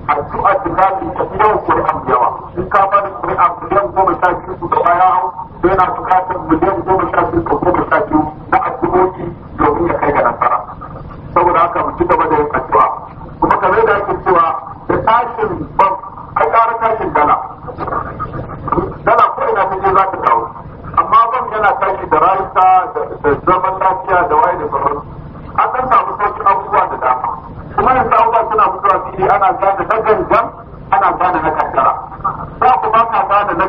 Speaker 1: addu'a da za mu tafi yawan ƙuri'an yawa in ka bani ƙuri'an miliyan goma sha biyu su gaba ya hau sai na buƙatar miliyan goma sha biyu ko goma sha biyu na addu'o'i domin ya kai ga nasara saboda haka mu ci gaba da yin addu'a kuma kamar yadda ake cewa da tashin bam ai ƙara tashin dala da zaman lafiya da waye da sauran a kan samu sauƙin abubuwa da dama kuma yanzu abubuwa suna fitowa fili ana gane na gangan ana gane na kankara za ku ba ka gane na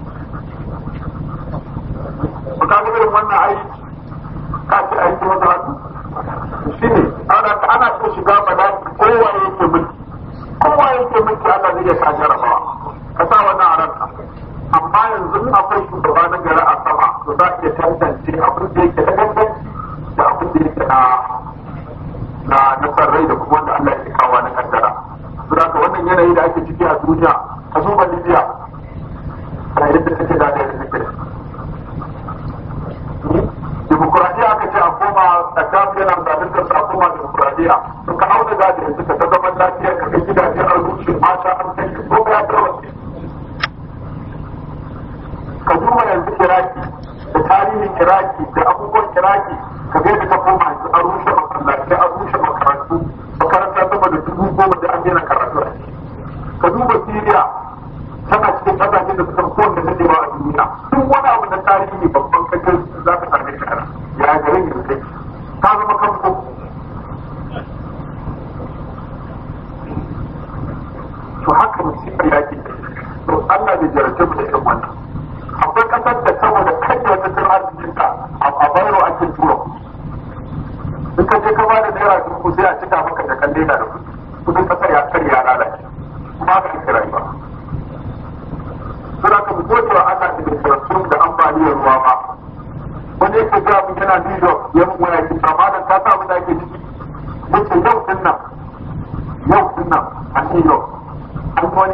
Speaker 1: duniya duk wani abu na tarihi babban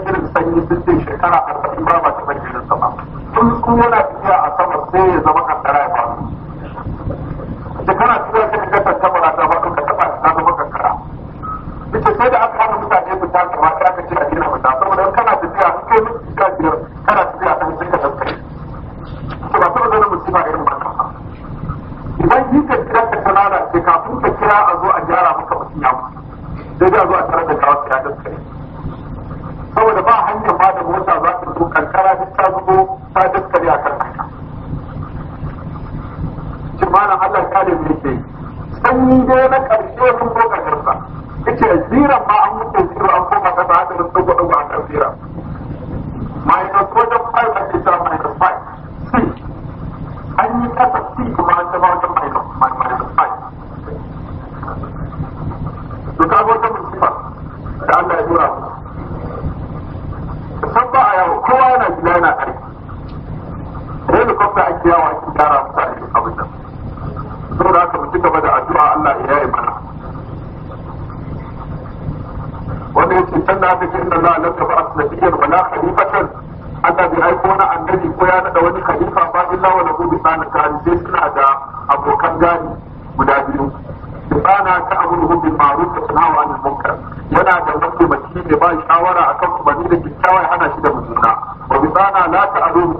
Speaker 1: irin sanyi sun ce shekara arba'in ba ba taɓa gidan sama sun su yana tafiya a sama sai ya zama kankara ya faru shekara tafiya sai ka kasance ba ta ka taɓa ta zama kankara ita sai da aka hana mutane fita kamar ta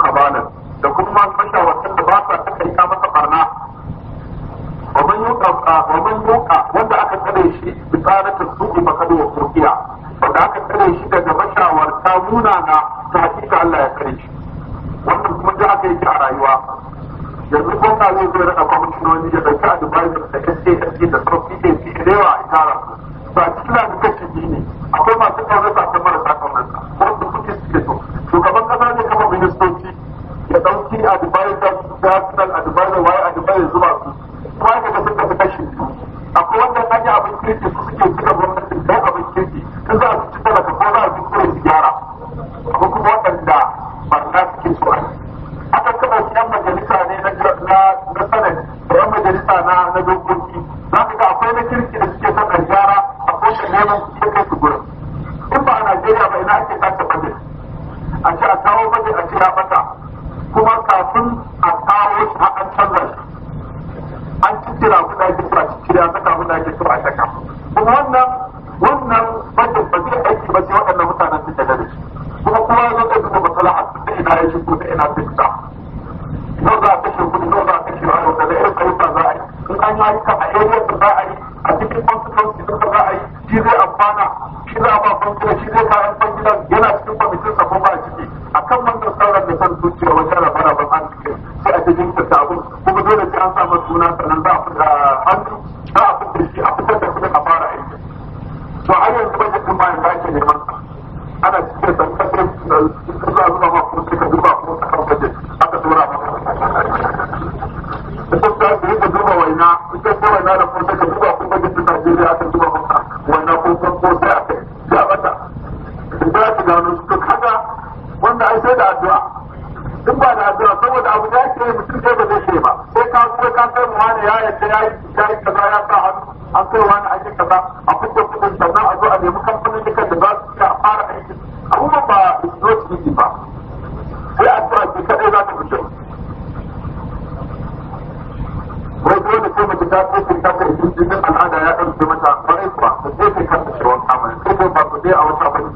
Speaker 1: amanan da kuma wasan da ba sa takaita masa barna wa yuka yuqa wa wanda aka tsare shi bi ta suku fakadu wa turkiya wanda aka tsare shi daga muna na ta hakika Allah ya kare shi wannan kuma da aka yi a rayuwa yanzu ko ka zai zai rada kwamishinoni ya dauki advisor da SASG da sauki da yawa a itara. ba cikin da kashi ne akwai masu kawo sa ta marasa ministoci ya ɗauki advisor national advisor waye advisor zuwa su kuma ka ga sun kashi akwai wanda an abin kirki su suke gina gwamnati don abin kirki in za a ta kokunta kai sun jinin al'ada ya ɗauke mata kwarai kuwa da zai kai kanta cewa kamar sai ba ku dai a wata bane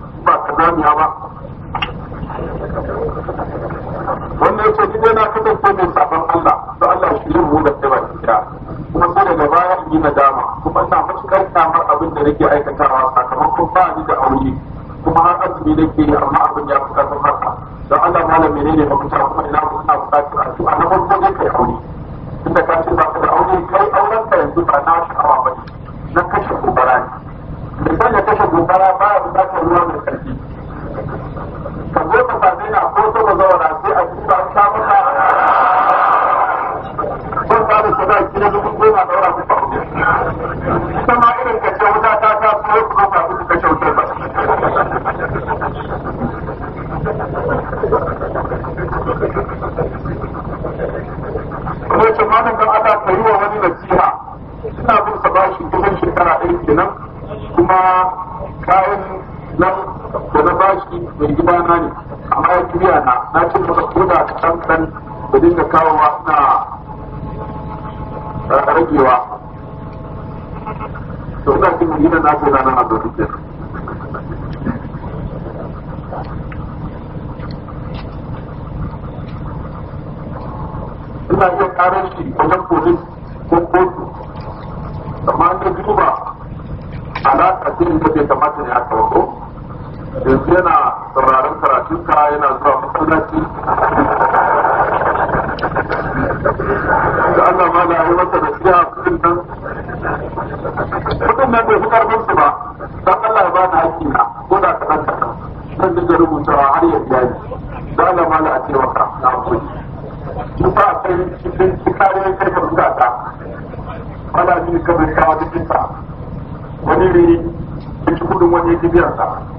Speaker 1: না চেনা না দরিদ্রের shi ka bai kawo cikin sa wani ne ya ci kudin wani ya ci biyan sa